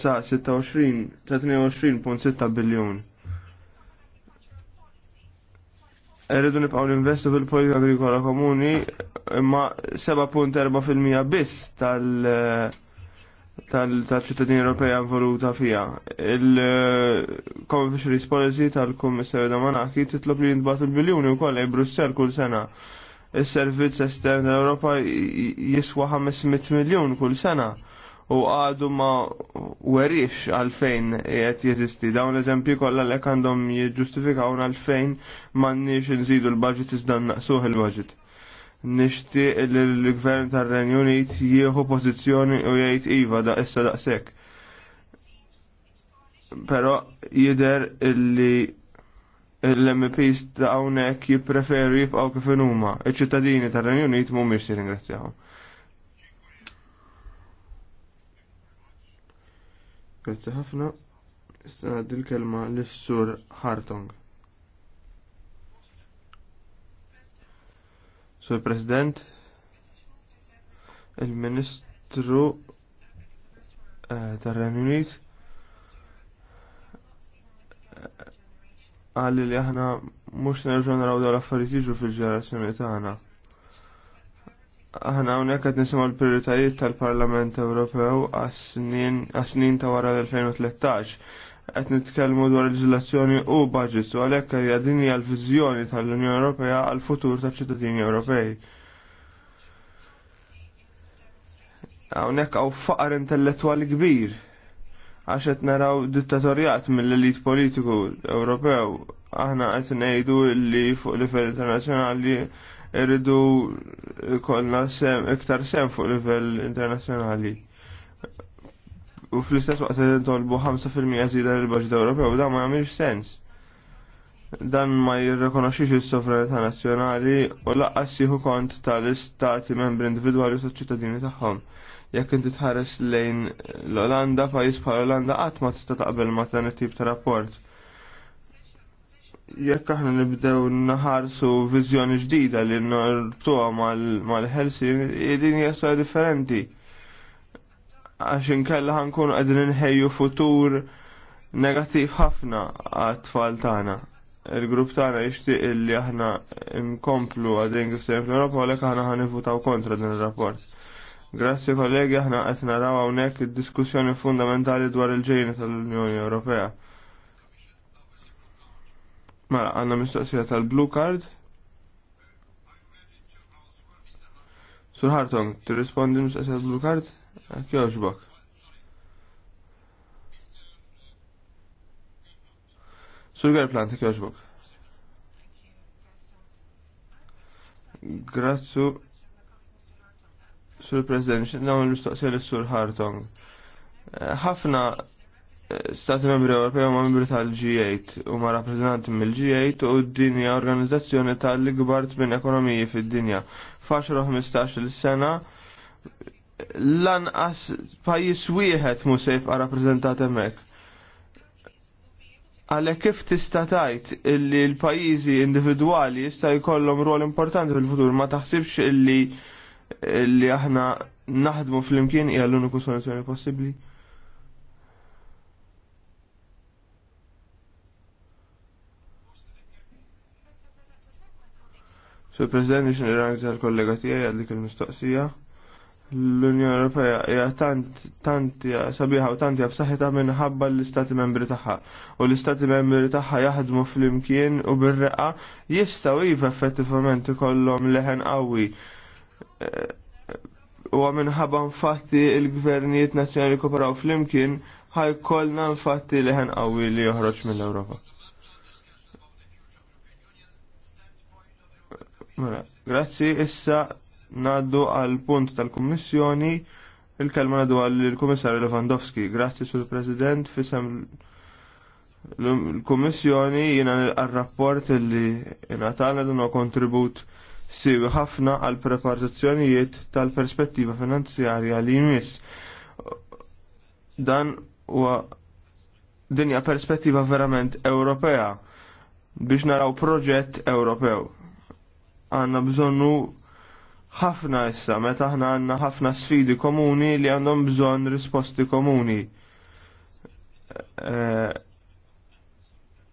sa' 26 ta' 22.6 biljun. Rridu nibqgħu investu fil-politika agrikola komuni imma 7.4% biss tal- uh, tal-ċittadini Ewropej involuta fija. Il-Common Fisheries Policy tal-Kummissarju Damanaki titlob li jintbatu l-biljuni wkoll lejn Brussell kull sena. Is-servizz estern tal-Ewropa jiswa 500 miljun kull sena u għadu ma werix għalfejn jgħet jeżisti. Dawn l-eżempju kollha l għandhom jġustifikaw għalfejn mannix nżidu l-budget iżda naqsuħ il-budget nixtieq l-Gvern tar-Renju Unit jieħu pożizzjoni u jgħid iva da issa daqshekk. Però jidher li l-MPs ta' hawnhekk jippreferu jibqgħu kif huma. Iċ-ċittadini tar-Renju Unit mhumiex jirringrazzjahom. Grazzi ħafna. Issa l kelma lis sur Hartong. Sur President, il-Ministru eh, tar-Renju Unit eh, għalli li aħna mux nerġu naraw dawn l-affarijiet jiġu fil-ġerazzjoni tagħna. Aħna hawnhekk qed nisimgħu l-prijoritajiet tal-Parlament Ewropew għas-snin ta' wara l-2013 qed nitkellmu dwar leġislazzjoni u budgets u għalhekk hija din hija l-viżjoni tal-Unjoni Ewropea għal futur taċ-ċittadini Ewropej. Hawnhekk hawn faqar intellettwali kbir għax qed naraw dittatorjat mill-elit politiku Ewropew aħna qed ngħidu li fuq livell internazzjonali irridu kollna sem iktar sem fuq livell internazzjonali u fl-istess waqt li nitolbu 5% zida l-Baġit Ewropew dan ma jagħmilx sens. Dan ma jirrikonoxxix is-sovranità nazzjonali u laqqas jieħu kont tal-istati membri individwali u tal-ċittadini tagħhom. Jekk inti tħares lejn l-Olanda, pajjiż bħal Olanda qatt ma tista' taqbel ma' dan it-tip ta' rapport jekk aħna nibdew naħarsu viżjoni ġdida li n-nortuha mal-ħelsin, din hija differenti għax inkella ħankunu qegħdin inħejju futur negativ ħafna għat-tfal tagħna. Il-grupp tagħna jixtieq li aħna nkomplu għadin kif l-Europa ewropa għalhekk aħna ħanivutaw kontra din ir-rapport. Grazzi kollegi aħna qed naraw hawnhekk id-diskussjoni fundamentali dwar il-ġejni tal-Unjoni Ewropea. Mela, għandna mistoqsija tal-Blue Card. Sur Hartong, tirrispondi mistoqsija tal-Blue Card? Kjoġbok. Sulgar plant, kjoġbok. Grazzu. Sur President, nagħmel mistoqsija lis-Sur Hartong. Ħafna eh, stati membri Ewropej huma membri tal-G8 huma rappreżentanti mill-G8 u d-dinja organizzazzjoni tal-ikbar tmien ekonomiji fid-dinja. Faxra 15 il-sena lanqas pajjiż wieħed mhu se jibqa' rappreżentat hemmhekk. Għalhekk kif tista' tgħid illi l-pajjiżi individwali jista' jkollhom rol importanti fil-futur ma taħsibx illi illi aħna naħdmu fl-imkien hija l-uniku soluzzjoni possibbli. Sur President, nix nirranġa l-kollega tijaj għadlik il-mistoqsija l-Unjoni Ewropea hija tant sabiħa u tant hija b'saħħitha minħabba l-istati membri tagħha u l-istati membri tagħha jaħdmu flimkien u bir-reqqa jistgħu iva effettivament ikollhom leħen qawwi. Eh, u minħabba nfatti il-gvernijiet nazzjonali kooperaw flimkien ħajkollna nfatti leħen qawwi li joħroġ mill-Ewropa. Mela, grazzi issa Naddu għal punt tal-Kummissjoni il-kelma naddu għal il-Kummissarju Lewandowski. Grazzi sur President fisem l-Kummissjoni jina għal-rapport li natalna dan kontribut siwi ħafna għal preparazzjonijiet tal-perspettiva finanzjarja li jmiss. Dan huwa dinja perspettiva verament Ewropea biex naraw proġett Ewropew. Għanna bżonnu ħafna issa meta aħna għandna ħafna sfidi komuni li għandhom bżonn risposti komuni. Eh,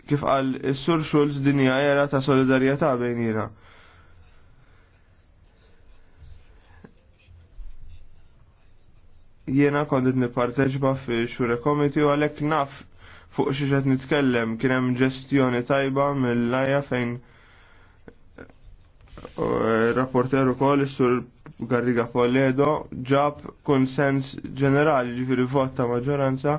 kif qal is-Sur Schulz dinja era ta' solidarjetà bejnina. Jiena kont qed nipparteċipa fi xure komiti u għalhekk naf fuq xi qed nitkellem kien hemm ġestjoni tajba mill-lajja fejn rapporter ukoll sur Garriga Polledo ġab konsens ġenerali ġifiri vot ta' maġġoranza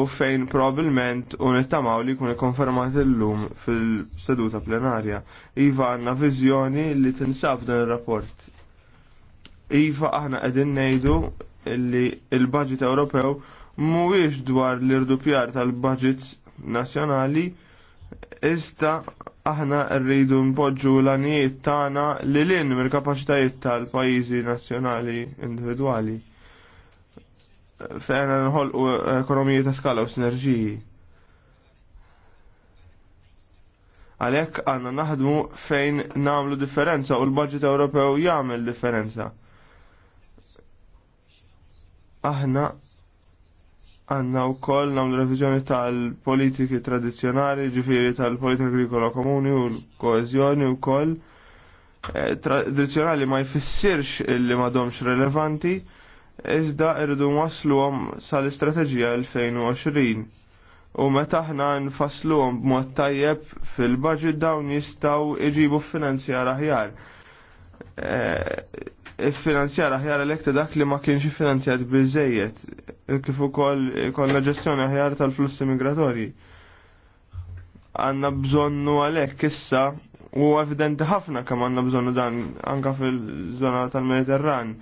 u fejn probabbilment u nittamaw li kun l-lum fil-seduta plenarja. Iva għanna viżjoni li tinsab dan ir-rapport. Iva aħna qegħdin ngħidu li l-budget Ewropew mhuwiex dwar l-irdupjar tal-budgets nazzjonali Iżda aħna rridu npoġġu l-anijiet tagħna li lin mill-kapaċitajiet tal-pajjiżi nazzjonali individwali. Fejna nħolqu ekonomiji ta' skala u sinerġiji. Għalhekk għandna naħdmu fejn nagħmlu differenza u l-budget Ewropew jagħmel differenza. Aħna Għanna u koll namlu revizjoni tal-politiki tradizjonali, ġifiri tal-politika agrikola komuni u l-koezjoni u koll. Eh, tradizjonali ma jfissirx li domx relevanti, iżda irridu waslu għom sal-istrateġija 2020. U meta ħna nfaslu għom b'mod tajjeb fil-budget dawn jistaw iġibu finanzjar aħjar. Eh, finanzjar aħjar elekta dak li ma kienx finanzjat biżejjed kif ukoll kollha ġestjoni aħjar tal-flussi migratorji. Għandna bżonnu għalhekk issa u evidenti ħafna kemm għandna bżonnu dan anka fil-żona tal-Mediterran.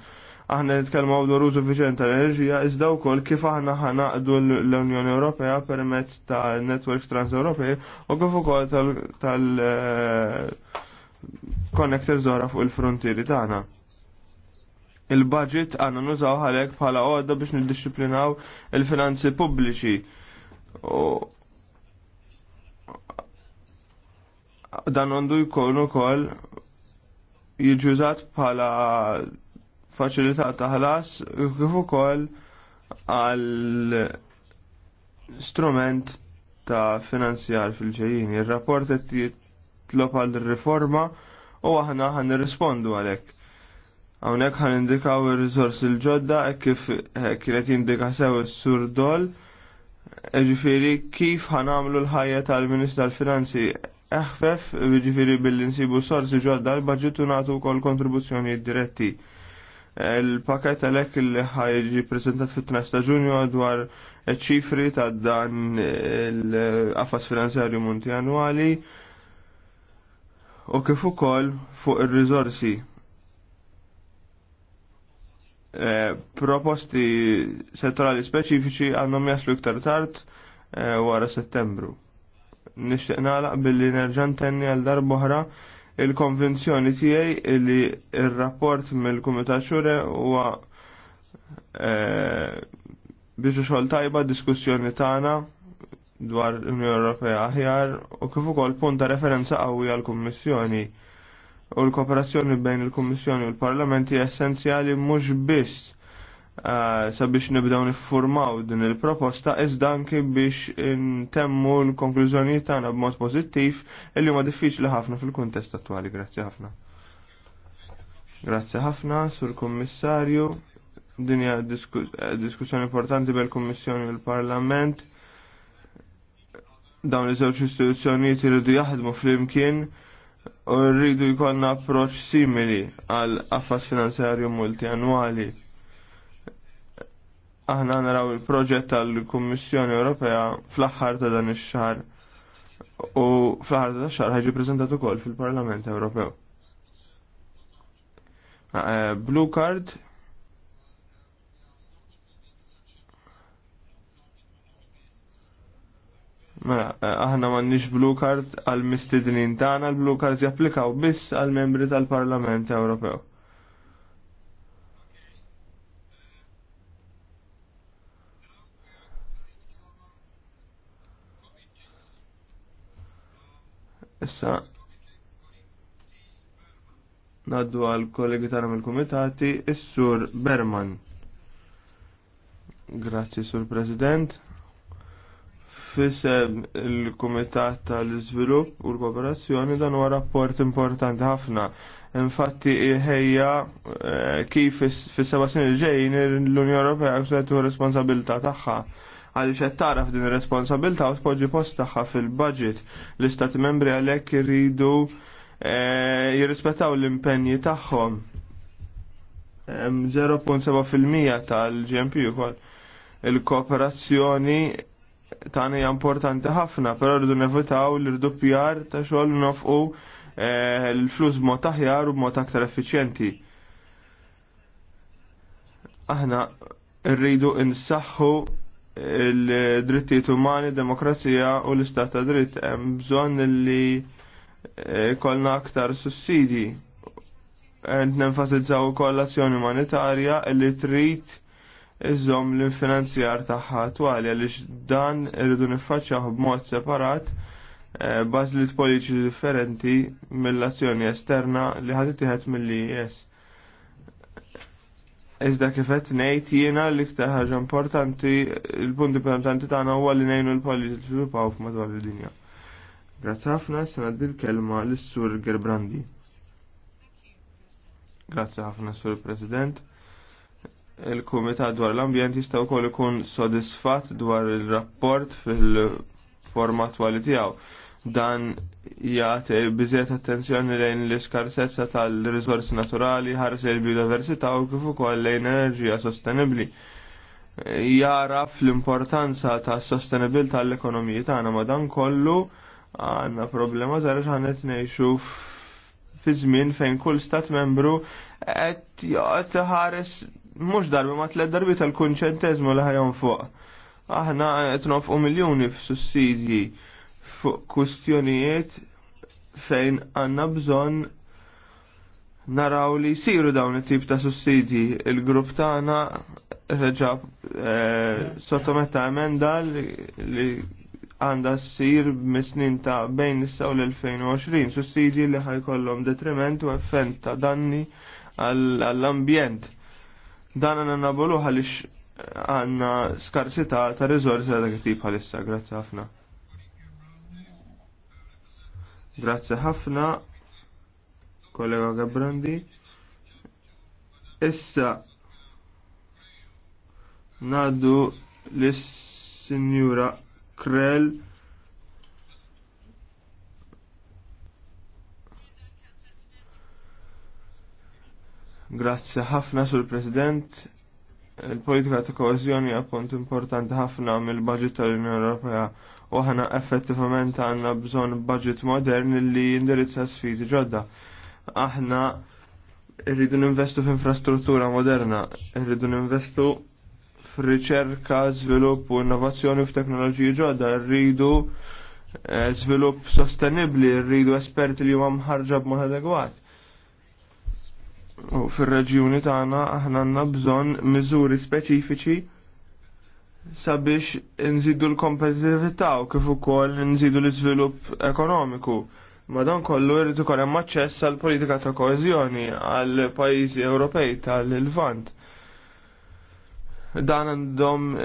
Aħna nitkellmu dwar użu viċent tal-enerġija iżda wkoll kif aħna ħanaqdu l-Unjoni Ewropea permezz ta' networks trans-Ewropej u kif ukoll tal- eh, connector zora fuq il-frontieri tagħna. Il-budget għanna nużaw ħalek bħala għodda biex nildisciplinaw il-finanzi pubbliċi. Dan għandu jkun ukoll jiġużat bħala faċilità ta' ħlas kif ukoll għal strument ta' finanzjar fil-ġejjin. Ir-rapport qed jitlob għal riforma u aħna ħan nirrispondu għalhekk. Hawnhekk ħan indikaw ir rizors il-ġodda kif kienet indika sew is-sur dol. ġifiri kif ħan għamlu l-ħajja tal-Ministru tal-Finanzi eħfef ġifiri billi nsibu sorsi ġodda l-bagġetu natu kol kontribuzzjoni diretti. Il-paket għalek li ħajġi prezentat fit-12 ta' ġunju dwar ċifri ta' dan l-affas finanzjarju munti annuali u kif ukoll fuq ir-riżorsi e, proposti settorali speċifiċi għandhom jaslu iktar tard e, wara settembru. Nixtieq nagħlaq billi nerġa' ntenni għal darb'oħra il-konvenzjoni tiegħi li r-rapport mill-Kumitat Xure huwa e, biex xogħol tajba diskussjoni tagħna dwar l-Unjoni Ewropea aħjar u kif ukoll punt ta' referenza qawwi għall-Kummissjoni u l-kooperazzjoni bejn il-Kummissjoni u l-Parlament hija essenzjali mhux biss uh, sabiex nibdew niffurmaw din il-proposta iżda anke biex ntemmu l-konklużjonijiet tagħna b'mod pożittiv illi huma diffiċli ħafna fil-kuntest attwali. Grazzi ħafna. Grazzi ħafna, Sur Kummissarju. Din hija eh, diskussjoni importanti bil kummissjoni u l-Parlament dawn iż-żewġ istituzzjonijiet iridu jaħdmu flimkien u rridu jkollna approċċ simili għal affas finanzjarju multianwali. Aħna naraw il-proġett tal-Kummissjoni Ewropea fl-aħħar ta' dan ix-xahar u fl-aħħar ta' xahar ħajġi preżentat ukoll fil-Parlament Ewropew. Eh, blue card Mela, eh, aħna ma nix blue card għal mistednin tagħna l-blue cards japplikaw biss għal membri tal-Parlament Ewropew. Issa naddu għal kollegi tagħna mill-kumitati is-Sur Berman. Grazzi Sur President. Fisem il-Kumitat tal-Iżvilupp u l-Kooperazzjoni dan huwa rapport importanti ħafna. Infatti ħejja eh, kif fis-seba' snin il-ġejjin l-Unjoni Ewropea qed tieħu responsabilità tagħha għaliex qed taraf din ir-responsabilità u tpoġġi post tagħha fil-budget. L-Istati Membri għalhekk iridu eh, jirrispettaw l-impenji tagħhom. 0.7% tal-GMP ukoll il-kooperazzjoni tagħna hija importanti ħafna, però rridu nevitaw li rridu pjar ta' xogħol nofqu eh, l-flus b'mod aħjar u b'mod aktar effiċjenti. Aħna rridu insaħħu l-drittijiet umani, demokrazija u l-istat ta' dritt. Hemm bżonn li eh, kollna aktar sussidji. Nenfasizzaw ukoll l-azzjoni umanitarja li trid iżom l infinanzjar tagħha twali għaliex dan irridu niffaċċjaw b'mod separat eh, bażlit politiċi differenti mill-azzjoni esterna li ħadd ittieħed mill-IS. E Iżda kif qed ngħid jiena l-iktar ħaġa importanti, il-punt importanti tagħna huwa li ngħinu l-pajjiż sviluppaw f'madwar id-dinja. Grazzi ħafna, se ngħaddi l-kelma lis sur Gerbrandi. Grazzi ħafna, Sur President il-Kumitat dwar l-Ambjent jista' wkoll ikun sodisfatt dwar il-rapport fil format twali tiegħu. Dan jagħti biżiet attenzjoni lejn l-iskarsezza tal-riżorsi naturali, ħares l biodiversità u kif ukoll lejn enerġija sostenibbli. Jaraf l-importanza ta' sostenibil tal-ekonomiji tagħna madan kollu għandna problema żgħar ħanet nejxu fi żmien fejn kull stat membru qed joqgħod ħares mhux darbi ma tliet darbi tal-kun ċentezmu li ħajon fuq. Aħna qed nofqu miljuni f'sussidji fuq kustjonijiet fejn għandna bżonn naraw li siru dawn it-tip ta' sussidji. Il-grupp tagħna reġa eh, sottometta emenda li għandha ssir mis-snin ta' bejn issa u l-2020 sussidji li ħajkollhom detriment u effent ta' danni għall-ambjent. Dan għanna nabolu għalix għanna skarsita ta' rizorsi għadak tip għalissa, grazzi ħafna. Grazzi ħafna, kollega Gabrandi. Issa, naddu l-Sinjura Krell Grazzi ħafna sur President. Il-politika ta' koezjoni hija punt importanti ħafna mill-budget tal-Unjoni Ewropea u ħana effettivament għandna bżonn budget modern li jindirizza sfidi ġodda. Aħna rridu ninvestu f'infrastruttura moderna, rridu ninvestu f'riċerka, żvilupp u innovazzjoni f'teknoloġiji ġodda, rridu eh, żvilupp sostenibbli, rridu esperti li huma mħarġa b'mod adegwat U fir-reġjuni tagħna aħna għandna bżonn miżuri speċifiċi sabiex nżidu l-kompetitività u kif ukoll nżidu l-iżvilupp ekonomiku. Madan kollu jrid ukoll hemm aċċess għal politika ta' koeżjoni għal pajjiżi Ewropej tal-Lvant. Dan għandhom eh,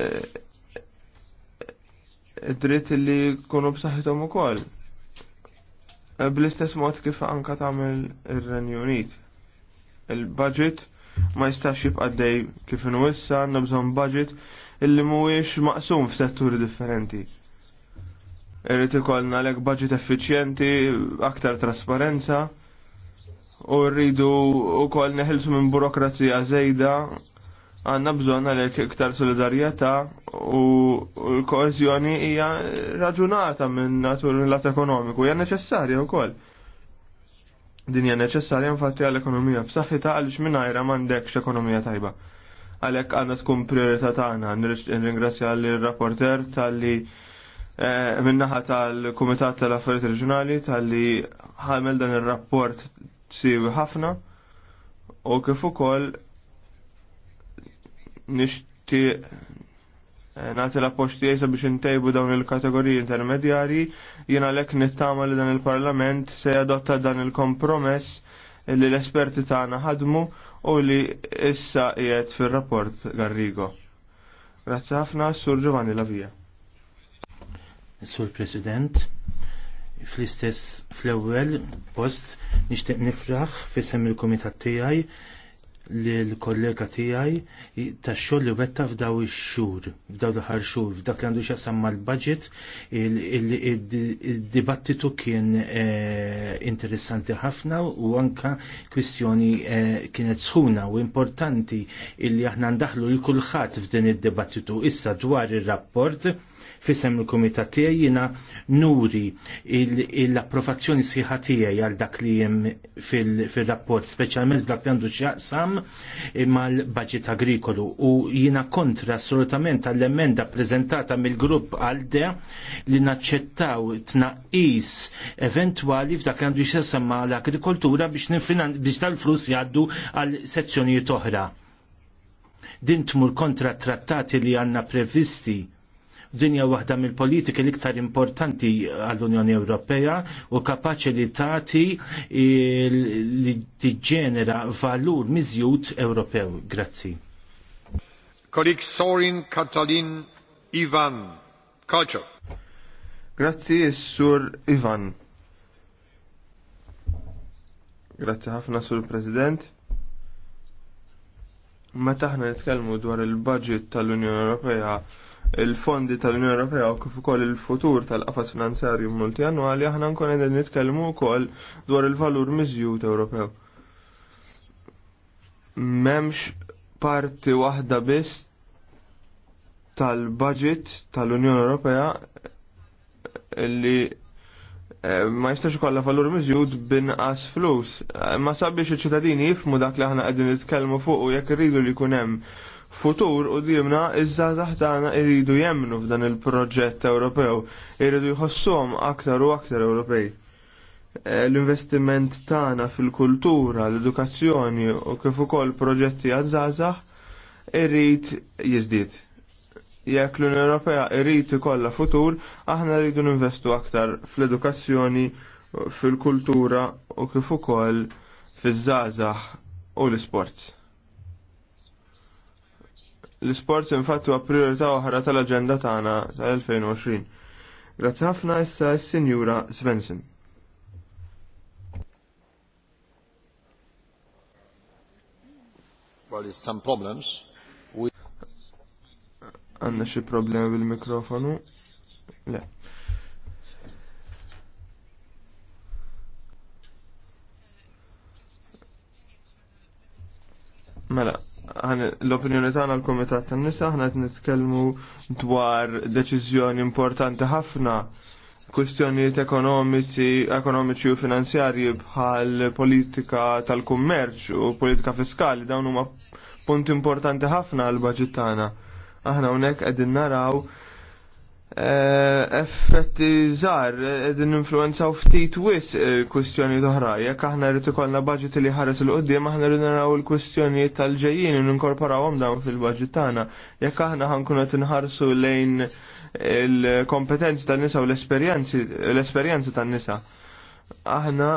eh, dritt li jkunu b'saħħithom ukoll. Eh, bl-istess mod kif anka tagħmel ir-Renju Unit il-budget ma jistax jibqa' dej kif inhu issa għandna bżonn budget illi mhuwiex maqsum f'setturi differenti. Irrid ikollna lek budget effiċjenti, aktar trasparenza u rridu wkoll neħilsu minn burokrazija żejda għandna bżonn għalek iktar solidarjetà u l koeżjoni hija raġunata minn natur l-lat ekonomiku, hija neċessarja wkoll. Din hija neċessarja infatti għall-ekonomija b'saħħitha għaliex mingħajra m'għandekx ekonomija tajba. Għalhekk għandha tkun priorità tagħna. Nirringrazzja l-rapporter tal-li eh, minnaħa tal-Kumitat tal-Affarijiet Reġjonali tal-li ħamel dan ir-rapport siwi ħafna u kif ukoll nixtieq Eh, nati la appoġġ tiegħi biex intejbu dawn il-kategoriji intermedjarji jiena lek nittama li dan il-Parlament se jadotta dan il-kompromess li l-esperti tagħna ħadmu u li issa qiegħed fir-rapport Garrigo. Grazzi ħafna Sur Giovanni Lavija. Sur President, fl-istess fl-ewwel post nixtieq nifraħ f'issem il-kumitat tiegħi li l-kollega tiegħi tax-xogħol li wetta f'daw ix-xhur, f'daw l-aħħar xhur, f'dak li għandu x'jaqsam l budget il-dibattitu kien eh, interessanti ħafna u anka kwistjoni eh, kienet sħuna u importanti illi aħna ndaħlu l kulħadd f'din id-dibattitu issa dwar ir-rapport Fisem il-komitat tiegħi jiena nuri l-approvazzjoni sħiħa tiegħi għal dak li hemm fir rapport speċjalment dak li għandu x'jaqsam mal-baġit agrikolu u jiena kontra assolutament għall-emenda preżentata mill-grupp għalde li naċċettaw tnaqqis eventwali f'dak li għandu x'jaqsam mal-agrikoltura biex tal-flus jgħaddu għal sezzjonijiet oħra din tmur kontra trattati li għanna previsti dinja waħda mill-politika l-iktar importanti għall-Unjoni Ewropea u kapaċi li tagħti li tiġġenera valur miżjud Ewropew. Grazzi. Kolik Sorin Katalin Ivan. Kalċo. Grazzi, Sur Ivan. Grazzi ħafna, Sur President. Meta aħna nitkellmu dwar il-budget tal-Unjoni Ewropea il-fondi tal-Unjoni Ewropea u kif ukoll il-futur tal-qafas finanzjarju multianwali aħna nkun qegħdin nitkellmu wkoll dwar il-valur miżjud Ewropew. M'hemmx parti waħda biss tal-budget tal-Unjoni Ewropea li eh, ma jistax kollha valur miżjud binqas flus. Eh, ma sabiex iċ-ċittadini jifmu dak li aħna qegħdin nitkellmu fuq u jekk irridu li jkun hemm futur u dimna iżda taħtana irridu jemnu f'dan il-proġett Ewropew, irridu jħossuhom aktar u aktar Ewropej. Eh, l-investiment tagħna fil-kultura, l-edukazzjoni u kif ukoll proġetti għaż-żgħażagħ irrid jiżdied. Jekk l-Unjoni Ewropea irrid ikollha futur, aħna rridu ninvestu aktar fl-edukazzjoni, fil-kultura u kif ukoll fiż-żgħażagħ u l-isports l sports infatti huwa priorità oħra tal-aġenda tagħna tal-2020. Grazzi ħafna issa s-Sinjura Svensson. Well, it's some problems. Għanna xi problemi bil-mikrofonu? Le. Mela, l-opinjoni tagħna l-Kumitat tan-nisa aħna qed nitkellmu dwar deċiżjoni importanti ħafna kwistjonijiet ekonomiċi, ekonomiċi u finanzjarji bħal politika tal-kummerċ u politika fiskali dawn huma punti importanti ħafna għal baġit tagħna. Aħna hawnhekk qegħdin naraw Eh, effetti żgħar din influenza u ftit wis l-kwestjoni eh, oħra. Jekk aħna rrid ikollna budget li ħares il qudiem aħna rrid naraw il-kwistjonijiet tal-ġejjin u ninkorporawhom dawn fil-budget tagħna. Jekk aħna ħankunu qed inħarsu lejn il-kompetenzi tan-nisa u l-esperjenzi tan-nisa. Aħna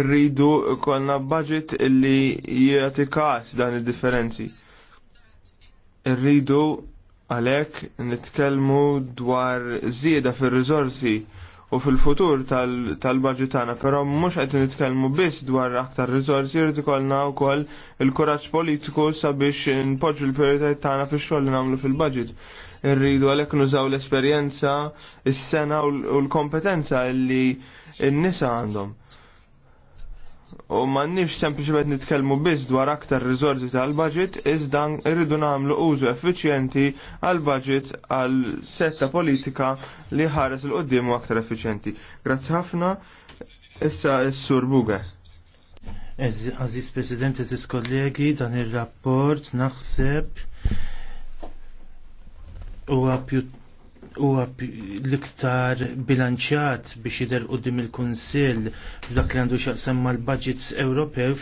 rridu konna budget li jagħti każ dan id-differenzi. Rridu Għalek nitkellmu dwar zieda fil-rizorsi u fil-futur tal-budget tal tagħna, però mhux qed nitkellmu biss dwar aktar riżorsi jrid ikollna wkoll il-kuraġġ politiku sabiex npoġġu l-prijoritajiet tagħna fix-xogħol li nagħmlu fil-budget. Irridu għalhekk nużaw l-esperjenza, is-sena u l-kompetenza li n-nisa għandhom. U m'għandniex sempliċement nitkellmu biss dwar aktar riżorsi tal-budget, iżda rridu nagħmlu użu effiċjenti għall-budget għal setta politika li ħares il qoddim aktar effiċjenti. Grazzi ħafna, issa s-sur Buga. Aziz President, aziz kollegi, dan il-rapport naħseb u għapjut huwa l-iktar bilanċjat biex jidher qudiem il-Kunsill f'dak li għandu x'jaqsam mal-budgets Ewropew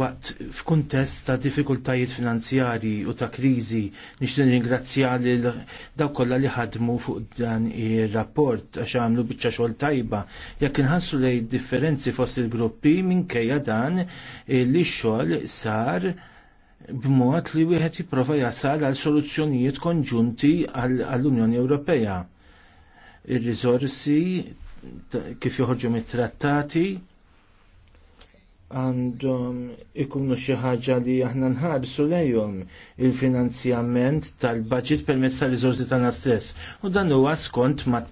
waqt f'kuntest ta' diffikultajiet finanzjarji u ta' kriżi nixtieq nirringrazzja lil dawk kollha li ħadmu fuq dan ir-rapport għax għamlu biċċa xogħol tajba. Jekk inħassu lej differenzi fost il-gruppi minkejja dan eh, li xogħol sar b'mod li wieħed jipprova jasal għal soluzzjonijiet konġunti għall-Unjoni Ewropea. Ir-riżorsi kif joħorġu mit-trattati għandhom ikunu xi ħaġa li aħna nħarsu lejhom il-finanzjament tal-budget permezz tal-riżorsi tagħna stess. U dan huwa skont ma,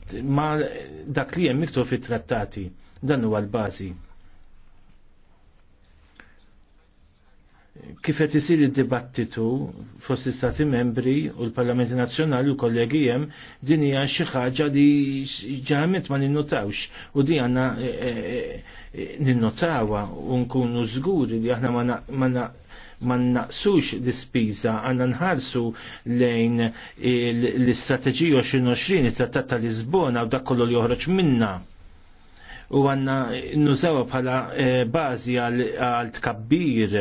dak li hemm miktub fit-trattati. Dan huwa l-bażi. kif qed isir id-dibattitu fost l-Istati membri u l-Parlamenti Nazzjonali u kollegi hemm din hija xi ħaġa li ġament ma ninnotawx u di għandna e, e, e, ninnotawa u nkunu żguri li aħna ma naqsux l-ispiża għandna nħarsu lejn l-istrateġija 2020 it-Trattat ta' Lisbona u dak kollu li joħroġ minna u għanna nużawa bħala bażi għal tkabbir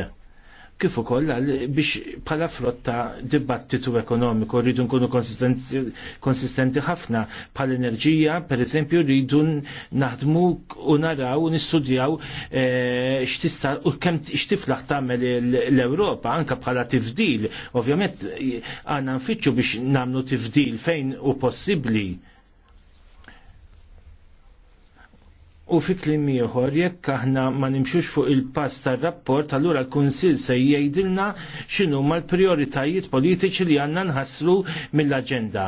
kif ukoll biex bħala frott ta' dibattitu ekonomiku rridu nkunu konsistenti ħafna bħal enerġija pereżempju rridu naħdmu u naraw u nistudjaw eh, x'tista' u kemm x'tiflaħ tagħmel l-Ewropa anke bħala tifdil. Ovvjament għandna nfittxu biex nagħmlu tifdil fejn u possibbli U fi klim ieħor jekk aħna ma nimxux fuq il-pass tar-rapport, allura l-Kunsill se jgħidilna x'inhu l-prijoritajiet politiċi li għandna nħasslu mill-aġenda.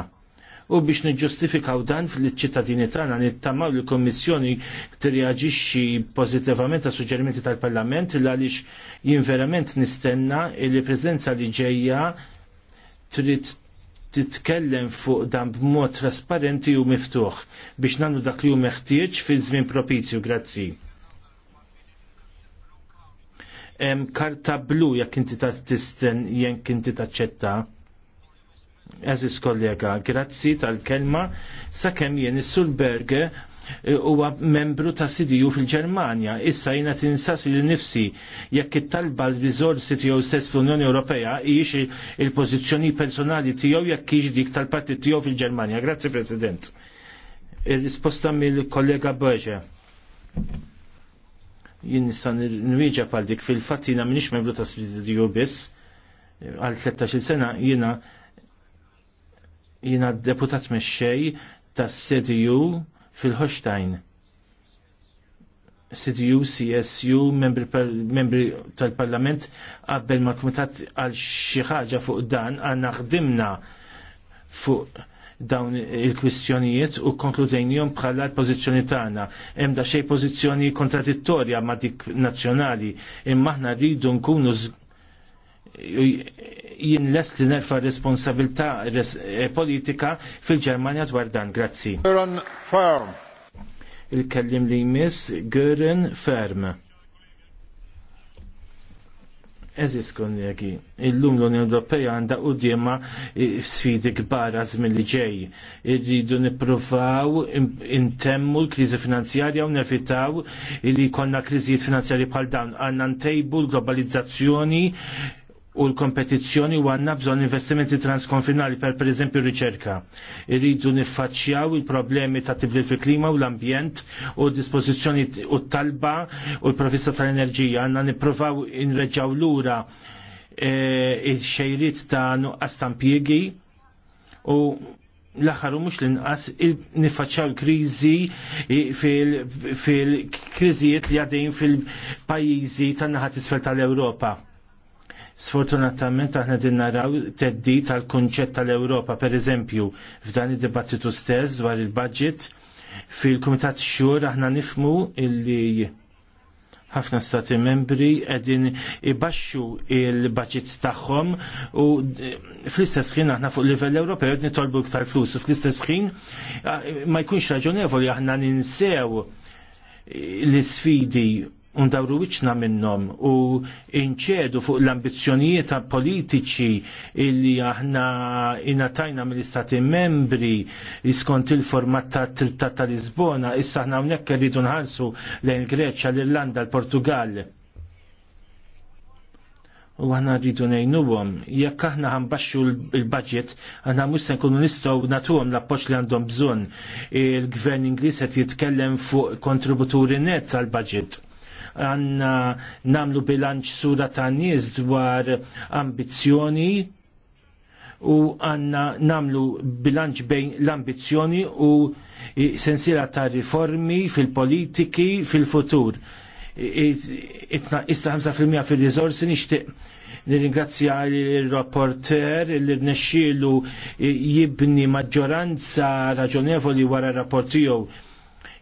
U biex niġġustifikaw dan fil-ċittadini tagħna nittamaw li l-Kommissjoni tirreaġixxi pożittivament ta' suġġerimenti tal-Parlament li għaliex jien verament nistenna li l li ġejja trid titkellem fuq dan b'mod trasparenti u miftuħ biex nagħmlu dak li hu meħtieġ fi żmien propizju. Grazzi. Karta blu jekk inti ta' tisten jekk inti taċċetta. Eżis kollega, grazzi tal-kelma sakemm jien is-Sulberge Eh, huwa membru ta' CDU fil-Ġermanja. Issa jiena tinsas li nifsi jekk it-talba l-riżorsi tiegħu stess fl-Unjoni Ewropea hijiex il-pożizzjoni personali tiegħu jekk hix dik tal-partit tiegħu fil-Ġermanja. Grazzi President. Ir-risposta mill-kollega Boeġe. jien nista' nwieġa pal dik fil-fatt jiena m'iniex membru ta' CDU biss għal 13 sena jiena jiena deputat mexxej tas CDU fil-Holstein. CDU, CSU, membri tal-Parlament qabel ma' kumitat għal xi ħaġa fuq dan għanna ħdimna fuq dawn il-kwistjonijiet u konkludejnijom bħala l-pozizjoni tagħna. Hemm da xejn pożizzjoni kontradittorja ma' dik nazzjonali, imma aħna rridu nkunu jien lest li nerfa responsabilità eh, politika fil-Ġermanja dwar dan. Grazzi. Il-kellim li jmiss Gören Ferm. Eżis kollegi, il-lum l-Unjoni Ewropea għandha djema eh, sfidi kbar żmien li ġej. Irridu nippruvaw intemmu l-kriżi finanzjarja u nevitaw li jkollna kriżijiet finanzjarji bħal dan Għandna ntejbu l-globalizzazzjoni u l-kompetizzjoni u għanna bżon investimenti transkonfinali per per eżempju riċerka. Irridu niffaċċjaw il-problemi ta' tibdil fil klima u l-ambjent u dispożizzjoni u talba u l-provista tal-enerġija għanna niprofaw inreġaw lura e, il-xejrit ta' nuqqas tampjegi u l-axar u mux l-inqas nifacċaw krizi fil-kriżijiet li għadin fil-pajizi tan naħat isfel tal-Europa. Sfortunatament aħna din naraw teddi tal-kunċett tal-Ewropa, per eżempju, f'dan id-dibattitu stess dwar il-budget fil-Kumitat Xur aħna nifmu illi ħafna stati membri qegħdin ibaxxu il-budgets tagħhom u fl-istess ħin aħna fuq livell Ewropew qed nitolbu iktar flus, fl-istess ħin ma jkunx raġonevoli aħna ninsew l isfidi undawru wiċna minnom u inċedu fuq l-ambizjonijiet politiċi illi aħna inatajna mill-istati membri skont il-format ta' trittat ta' Lisbona, issa aħna hawnhekk irridu nħarsu lejn Greċja, l-Irlanda, l-Portugal. U aħna rridu ngħinuhom, jekk aħna ħambaxxu l-budget, aħna mhux se nkunu nistgħu għom l-appoġġ li għandhom bżonn. Il-Gvern Ingliż qed jitkellem fuq kontributuri net għall budget għanna namlu bilanċ sura ta' nies dwar ambizjoni u għanna namlu bilanċ bejn l-ambizjoni u sensira ta' riformi fil-politiki fil-futur. Itna Issa 5% fil-rizorsi nixtieq nirringrazzja l-rapporter l rnexxielu jibni maġġoranza raġonevoli wara rapport tiegħu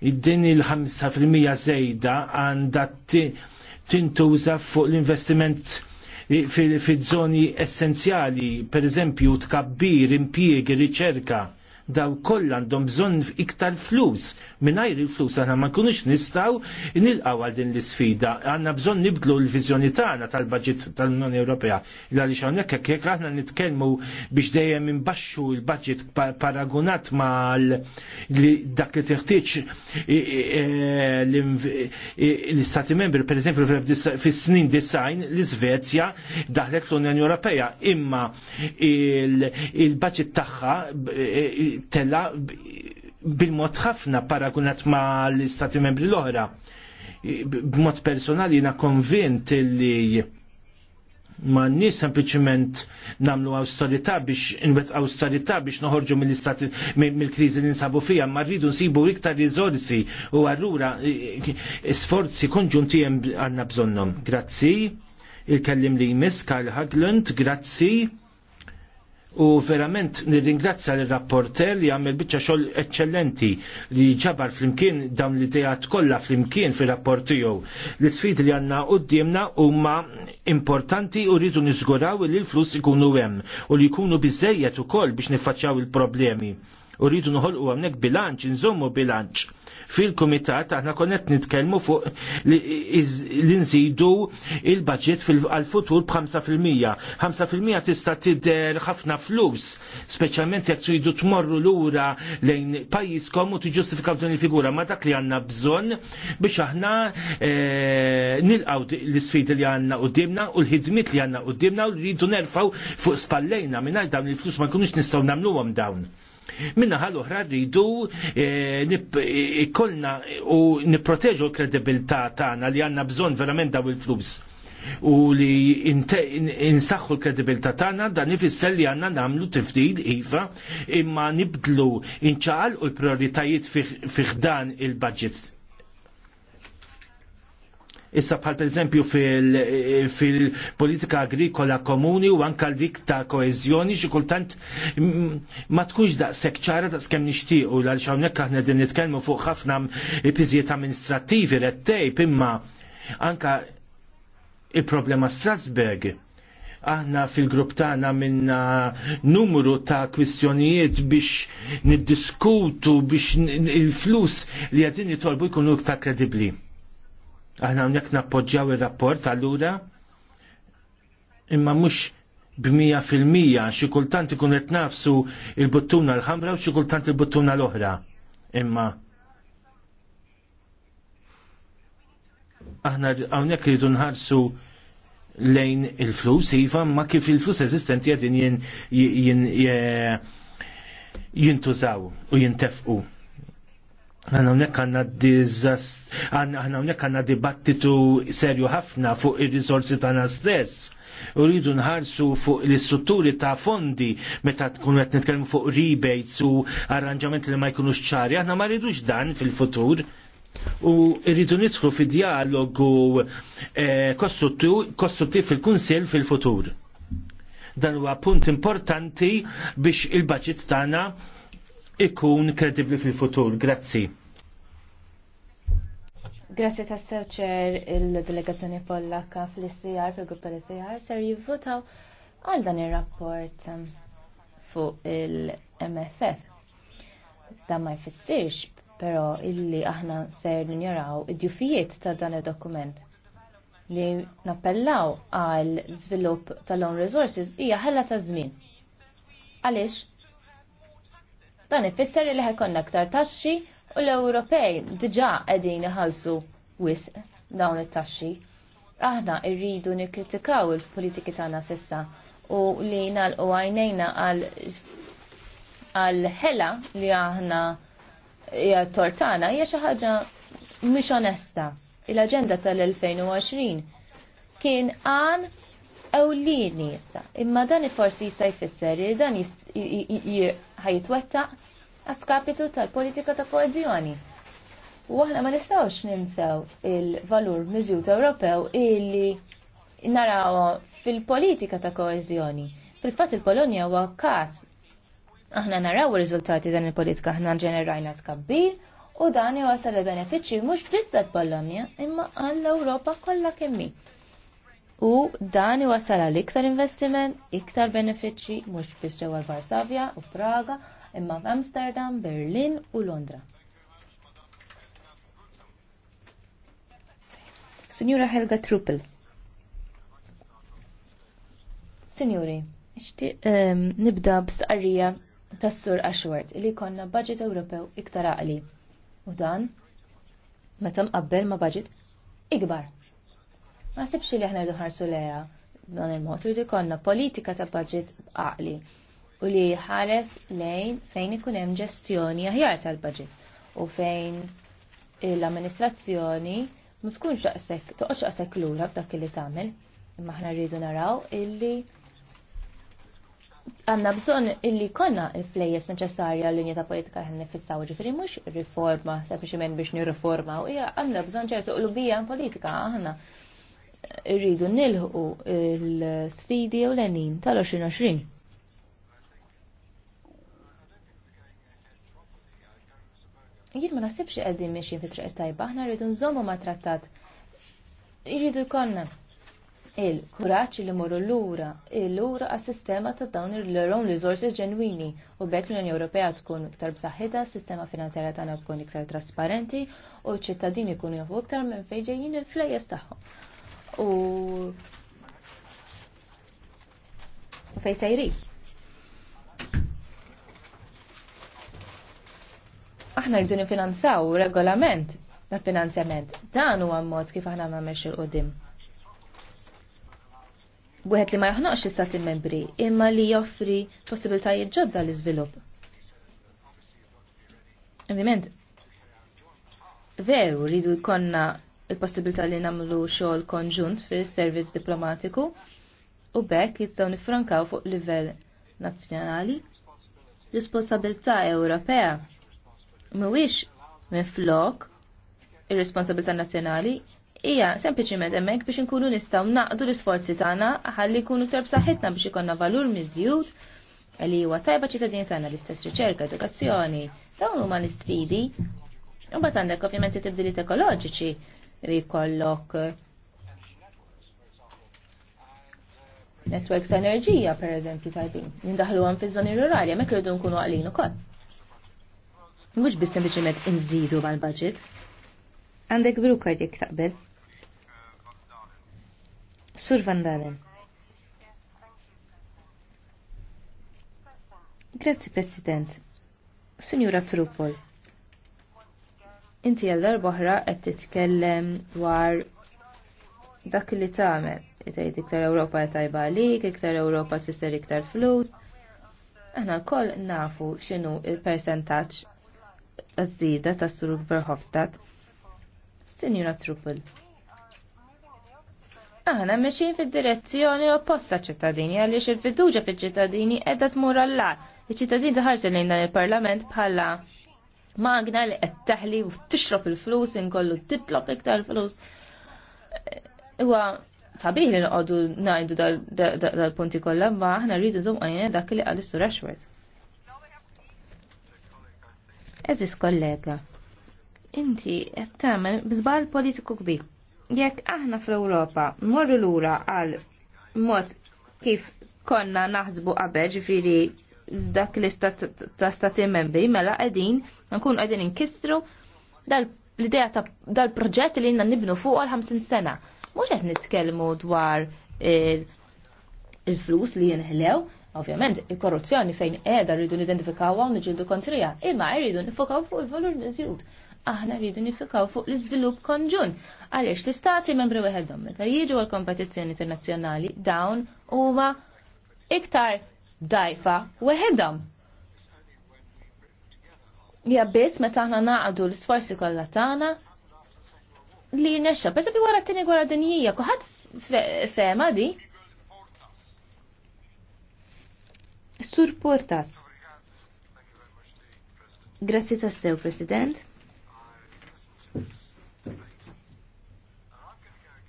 id-din il-5% zejda għanda tintuża fuq l-investiment fil-żoni essenzjali, per eżempju, tkabbir, impjiegi, riċerka daw kollha għandhom bżonn iktar flus. Mingħajr il-flus aħna ma nkunux nistgħu nilqgħu għal din l-isfida. Għanna bżonn nibdlu l-viżjoni tagħna tal-baġit tal-Unjoni Ewropea. Għaliex hawnhekk kek jekk aħna nitkellmu biex dejjem imbaxxu l-baġit paragunat mal dak li teħtieġ e- l-Istati Membri, pereżempju fis-snin design l-Iżvezja daħlet l-Unjoni Ewropea imma il budget tagħha e- e- tella bil-mod ħafna paragunat ma l-istati membri l-oħra. B'mod personali jina konvint li ma n-nis sempliciment namlu austerità biex inwet austerità biex noħorġu mill-istati mill-krizi li nsabu fija, ma rridu nsibu iktar rizorsi u għarrura sforzi konġunti għanna bżonnom. Grazzi, il-kellim li jmiss Karl Haglund, grazzi u verament nirringrazzja l rapporter li għamil bicċa xogħol eccellenti li ġabar flimkien dawn l-idejat kollha flimkien fir rapport tiegħu. L-isfid li għandna u huma importanti u rridu nizguraw li l-flus ikunu hemm u li jkunu u ukoll biex niffaċċjaw il-problemi u rridu nħolqu għamnek bilanċ, nżommu bilanċ. Fil-kumitat aħna konnet nitkellmu fuq li nżidu il-budget għal-futur b'5%. 5% tista' tidher ħafna flus, speċjalment jekk tridu tmorru lura lejn pajjiżkom u tiġġustifikaw din il-figura, ma dak li għandna bżonn biex aħna eh, nilqgħu l-isfidi li għandna qudiemna u l-ħidmiet li għandna qudiemna u rridu nerfgħu fuq spallejna mingħajr dawn il-flus ma nkunux nistgħu nagħmluhom dawn. Minna ħal oħra rridu eh, eh, ikollna u nipproteġu l-kredibilità tagħna li għandna bżonn verament daw il-flus u li insaxħu l-kredibilità tagħna dan ifisser li għandna nagħmlu tifdid iva imma nibdlu inċaqal u l-prioritajiet fiħdan il-budget Issa bħal pereżempju fil-politika agrikola komuni u anka l-dik ta' koezjoni xi kultant ma tkunx daqshekk ċara ta' skemm nixtiequ għal hawnhekk aħna din nitkellmu fuq ħafna piżijiet amministrattivi red tape imma anka il-problema Strasberg aħna fil-grupp tagħna minna numru ta' kwistjonijiet biex niddiskutu biex il-flus li għadin jitolbu jkunu iktar kredibli. Aħna hawnhekk nappoġġaw ir-rapport allura imma mhux b'mija fil-mija xi kultant ikun qed nafsu il-buttuna l-ħamra u xi kultant il-buttuna l-oħra. Imma aħna hawnhekk rridu nħarsu lejn il-flus iva ma kif il-flus eżistenti qegħdin jintużaw u jintefqu. Għanna unnek għanna dizast, għanna unnek għanna dibattitu serju ħafna fuq il-rizorsi tana stess. u rridu nħarsu fuq l-istrutturi ta' fondi meta tkun qed nitkellmu fuq rebates u arranġamenti li ma jkunux ċari. Aħna ma rridux dan fil-futur. U rridu nidħlu fi dialogu eh, kostruttiv fil-Kunsill fil-futur. Dan huwa punt importanti biex il-budget tagħna ikun kredibli fil-futur. Grazzi. Grazzi ta' sewċer il-delegazzjoni pollaka fil scr fil-grupp tal scr ser jivvotaw għal dan il-rapport fuq il-MFF. Dan ma jfissirx, pero illi aħna ser ninjaraw id-djufijiet ta' dan il-dokument li nappellaw għal żvilupp tal-own resources hija ħella ta' żmien. Għaliex? Dan ifisser li konna aktar taxxi u l-Ewropej diġà qegħdin iħalsu wisq dawn it-taxxi. Aħna rridu nikkritikaw il-politiki tagħna sissa u li nalqu għajnejna għal għal ħela li aħna hija tortana hija xi ħaġa mhix onesta. Il-aġenda tal-2020 kien għan ewlieni issa. Imma dan forsi jista' jfisser li dan ħajitwetta għaskapitu tal-politika ta' koezjoni. U aħna ma nistawx ninsew il-valur miżjut Ewropew illi naraw fil-politika ta' koezjoni. Fil-fatt il-Polonja huwa każ aħna naraw ir-riżultati dan il-politika aħna ġenerajna tkabbir u dan iwasal il benefiċċju mhux biss għall-Polonja imma għall-Ewropa kollha kemm u dan iwassal għal iktar investiment, iktar benefiċċji mhux biss għal Varsavja u Praga, imma f'Amsterdam, Berlin u Londra. Signora Helga Truppel. Signori, ixti um, ehm, nibda b'stqarrija tas-sur Ashworth li konna budget Ewropew iktar għaqli. U dan meta qabbel ma budget ikbar. Ma sibx li aħna duħarsu leja dan il-mod. Rridu jkollna politika ta' budget għaqli u li ħares lejn fejn ikun hemm ġestjoni aħjar tal-budget u fejn l-amministrazzjoni ma tkunx daqshekk toqgħodx daqshekk lura f'dak li tagħmel. Imma aħna rridu naraw illi għanna bżon illi konna il-flejjes neċessarja l-linja ta' politika ħan nifissaw ġifiri mux riforma, sempliciment biex nirriforma, u hija għanna bżon ċertu qlubija politika aħna irridu nilħu l-sfidi u l-enin tal-2020. Jien ma nasibx qegħdin miexin fi triq tajba, aħna rridu nżommu ma' trattat. Irridu jkonna il-kuraċ li morru lura, lura għas-sistema ta' dawn il-own resources ġenwini u bekk l-Unjoni Ewropea tkun iktar b'saħħitha, s-sistema finanzjarja tagħna tkun iktar trasparenti u ċ-ċittadini jkunu jafu iktar minn fejn ġejjin il-flejjes tagħhom u u fej sejri. Aħna rridu nifinanzaw regolament ta' finanzjament. Dan huwa mod kif aħna ma mex il-qudiem. Wieħed li ma jaħnaqx l il membri imma li joffri possibiltajiet ġodda l iżvilupp Ovvjament, veru rridu jkollna il-possibilità li namlu xogħol konġunt fis servizz diplomatiku u bekk jistgħu nifrankaw fuq livell nazzjonali. Responsabilità Ewropea mhuwiex minn flok ir-responsabilità nazzjonali hija sempliċiment hemmhekk biex inkunu nistgħu naqdu l-isforzi tagħna ħalli jkunu iktar b'saħħitna biex ikonna valur miżjud li huwa tajba ċittadini tagħna l-istess riċerka, edukazzjoni, dawn huma l-isfidi. U bat għandek ovvjament tibdiliet ekoloġiċi li eh, networks ta' enerġija, per eżempju, tajbin. Nindahlu għan fi zoni rurali, għamek rridu nkunu għalin u koll. Mux bis sempliciment nżidu mal-budget. Għandek bru kard jek taqbel. Sur Van Dalen. Grazie, President. Signora Truppol. Inti għall boħra qed titkellem dwar dak li tagħmel. Tgħid iktar Ewropa tajba għalik, iktar Ewropa tfisser iktar flus. Aħna l-koll nafu x'inhu il-percentaġġ għaż-żieda tas-Sur Verhofstadt. Sinjura Truppel. Aħna meċin fil direzzjoni opposta ċittadini għaliex il fiduġa fiċ-ċittadini qiegħda tmur għall-lar. Iċ-ċittadini tħarsu lejn il-Parlament bħalla magna li qed taħli u tixrob il-flus inkollu titlob iktar flus. Huwa sabiħ li noqogħdu ngħidu dal-punti kollha, ma aħna rridu żum għajna dak li qal is Ashworth. Eżis kollega, inti qed tagħmel biżbal politiku kbir. Jekk aħna fl-Ewropa morru lura għal mod kif konna naħsbu qabel ġifiri dak li ta' stati membri mela qegħdin nkun qegħdin inkissru l-idea ta' dal-proġett li jina nibnu fuq għal 50 sena. Mhux qed nitkellmu dwar il-flus li jinħlew, ovvjament, il-korruzzjoni fejn qiegħda rridu nidentifikaw għaw niġildu kontrija, imma rridu nifokaw fuq il-valur miżjud. Aħna rridu nifikaw fuq l-iżvilupp konġun. Għaliex l-istati membri weħedhom meta jiġu għal kompetizzjoni internazzjonali dawn huma iktar dajfa weħedhom. Ja biss meta aħna naqdu l-isforzi kollha tagħna li nexxa. Per esempio wara t-tieni gwerra dinjija, kuħadd fema di. Surportas. Grazzi tassew, President.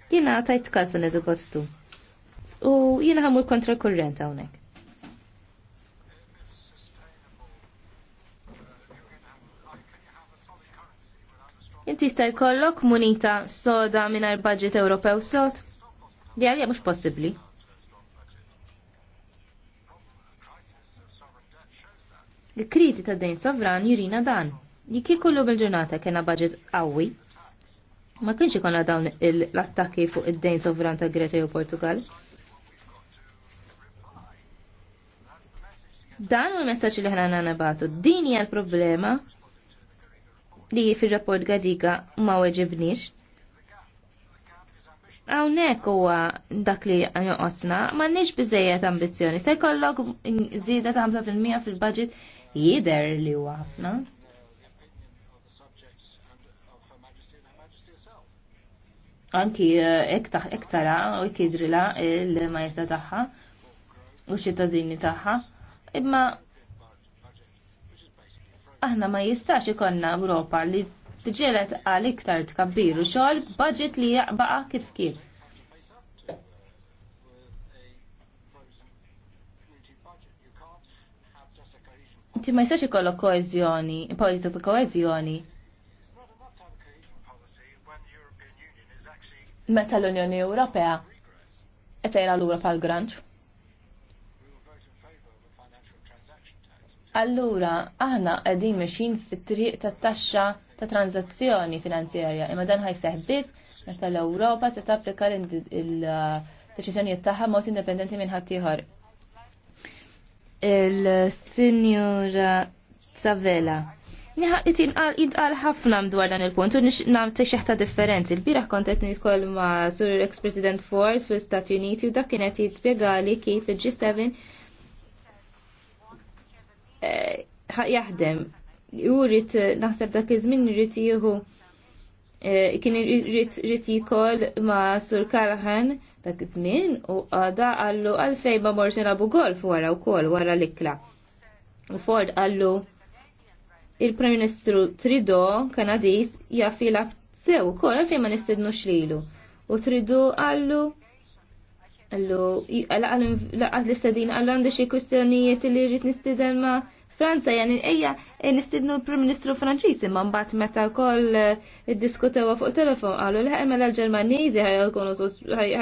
Jina għatajt kazzan edu bostu. U jina għamur kontra kurrent hawnhekk. inti sta jkollok munita soda mingħajr budget Ewropew sod. Di mux mhux possibbli. Il-kriżi ta' dejn sovran jurina dan. Jikki kollu bil-ġurnata kena budget qawwi. Ma kienx ikonna dawn l-attakki fuq id-dejn sovran ta' Greċa u Portugal. Dan u l-messaċ li ħna nabatu. Din hija l-problema li fil-rapport gadiga ma weġibniex. Għawnek huwa dak li joqosna, ma nix bizzejiet ambizjoni. Se kollok zida ta' 50% fil-budget jider li huwa ħafna. Anki eh, ektara u kidrila il-majsa taħħa u xittadini taħħa. Imma aħna ma jistax ikonna Ewropa li tġelet għal iktar tkabbiru xogħol budget li jaqbaqa kif kif. Inti ma jistax ikollok koezjoni, politika koezjoni meta l-Unjoni Ewropea qed l lura pal granġ allura aħna qegħdin meċin fit-triq tat-taxxa ta' tranzazzjoni finanzjarja imma dan ħaj biss meta l-Ewropa se tapplika l-deċiżjonijiet tagħha mod indipendenti minn ħaddieħor. Il-Sinjura Savela. Jitqal ħafna dwar dan il-punt u nagħmel ta' differenzi. Il-biraħ kontet niskol ma' Sur ex-President Ford fl-Stati Uniti u dak kienet jispjegali kif il-G7 Eh, jaħdem. Jurit naħseb dak iż-żmien irid jieħu eh, kien irid jikol ma' Sur Karahan dak iż-żmien u għada għallu għalfejn ma morx nilagħbu golf wara wkoll wara l-ikla. U Ford għallu il-Prim Ministru Trido Kanadis jaffi laf sew ukoll għalfejn ma nistidnu xlilu. U Trido għallu Allu, laqqa l-istadin għallu għandu xie kustjonijiet li rrit nistidem ma Franza, jani eja e nistidnu l-Prim-Ministru Franċis imma mbagħad meta wkoll eh, diskutewa fuq telefon qalu li ħemela l-Ġermaniżi ħajkunu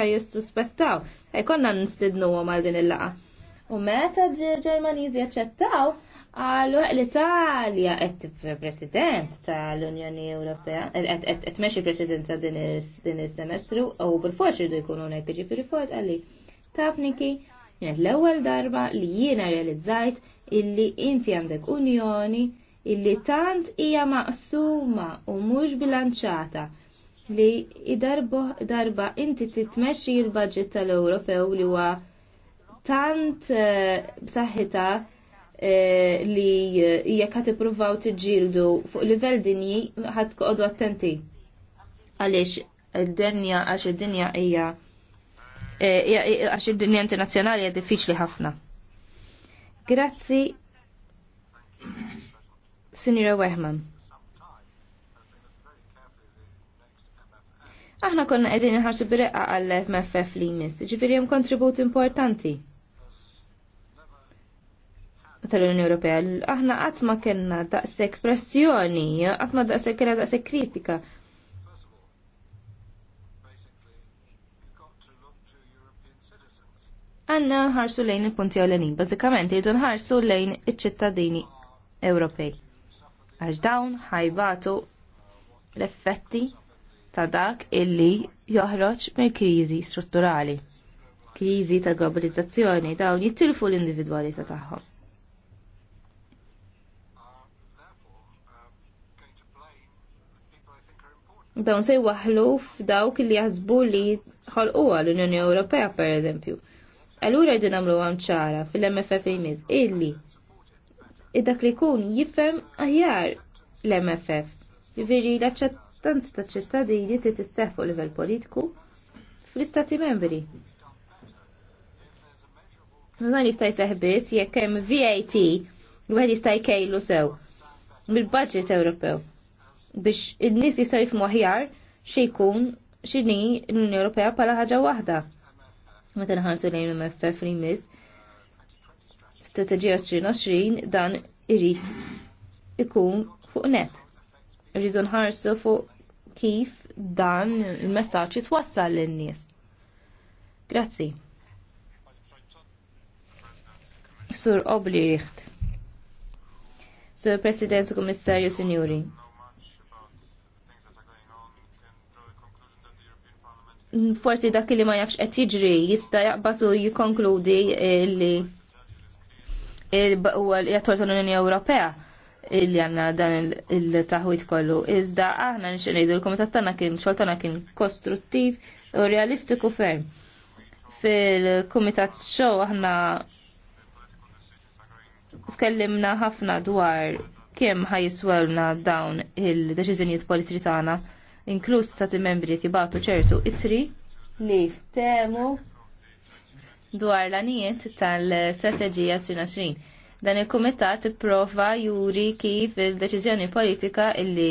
ħajjissuspettaw. E konna nistidnuhom għal din il-laqa. U meta ġermaniżi aċċettaw, għallu l-Italja qed president tal-Unjoni Ewropea, qed tmexxi presidenza din is-semestru u bil-forsi irdu jkunu hekk ġifieri fort għalli e tafniki e l-ewwel darba li jiena realizzajt illi inti għandek unjoni illi tant hija maqsuma u mhux bilanċata li darba inti titmexxi l-budget tal-Ewropew li huwa tant eh, b'saħħitha uh, Eh, li eh, jekk ħat ippruvaw tiġġieldu fuq livell dinji ħadd tqogħdu attenti għaliex id-dinja għax id-dinja eh, hija għax id-dinja internazzjonali hija diffiċli ħafna. Grazzi Sinjura Wehman. Aħna konna qegħdin inħarsu bireqqa għall-MFF li jmiss, ġifieri hemm kontribut importanti tal-Unjoni Ewropea. Aħna qatt ma kellna daqshekk pressjoni, qatt ma daqshekk kellna daqshekk kritika. Għanna ħarsu lejn il-punti għal-lenin, bazzikament jirdu nħarsu lejn iċ-ċittadini Ewropej. Għax dawn ħajbatu l-effetti ta' dak illi joħroġ mill-kriżi strutturali kriżi ta' globalizzazzjoni dawn jittilfu l-individwalità tagħhom. dawn se jwaħlu f'dawk li jaħsbu li ħolquha l-Unjoni Ewropea pereżempju. Allura jdu nagħmlu għam ċara fil-MFF jmiss illi id-dak li jkun jifhem aħjar l-MFF. Jiġifieri l-aċċettanza ta' ċittadini li isseħħ fuq livell politiku fl-istati membri. Dan jista' jseħħ biss jekk hemm VAT wieħed jista' jkejlu sew mill-budget Ewropew biex in-nies jistgħu jifhmu aħjar xi jkun x'inhi l-Unjoni Ewropea bħala ħaġa waħda. Meta nħarsu lejn MFF li rimis, strateġija 2020 dan irid ikun fuq net. Irridu nħarsu fuq kif dan il-messaġġ jitwassal lin-nies. Grazzi. Sur Obli richt. Sur President Komissarju Signori. forsi dak li ma jafx qed jiġri jista' jaqbatu jikkonkludi li huwa jattorta l unjoni Ewropea li għanna dan il-taħwit kollu. Iżda aħna nxinejdu l-komitat tagħna kien xogħol tagħna kien kostruttiv u realistiku ferm. Fil-komitat show aħna tkellimna ħafna dwar kemm ħajiswelna dawn il-deċiżjonijiet politiċi tagħna inkluż stati membri tibatu ċertu itri li ftemu dwar l-anijiet tal-strategija 2020. Dan il-kumitat prova juri kif il-deċiżjoni politika illi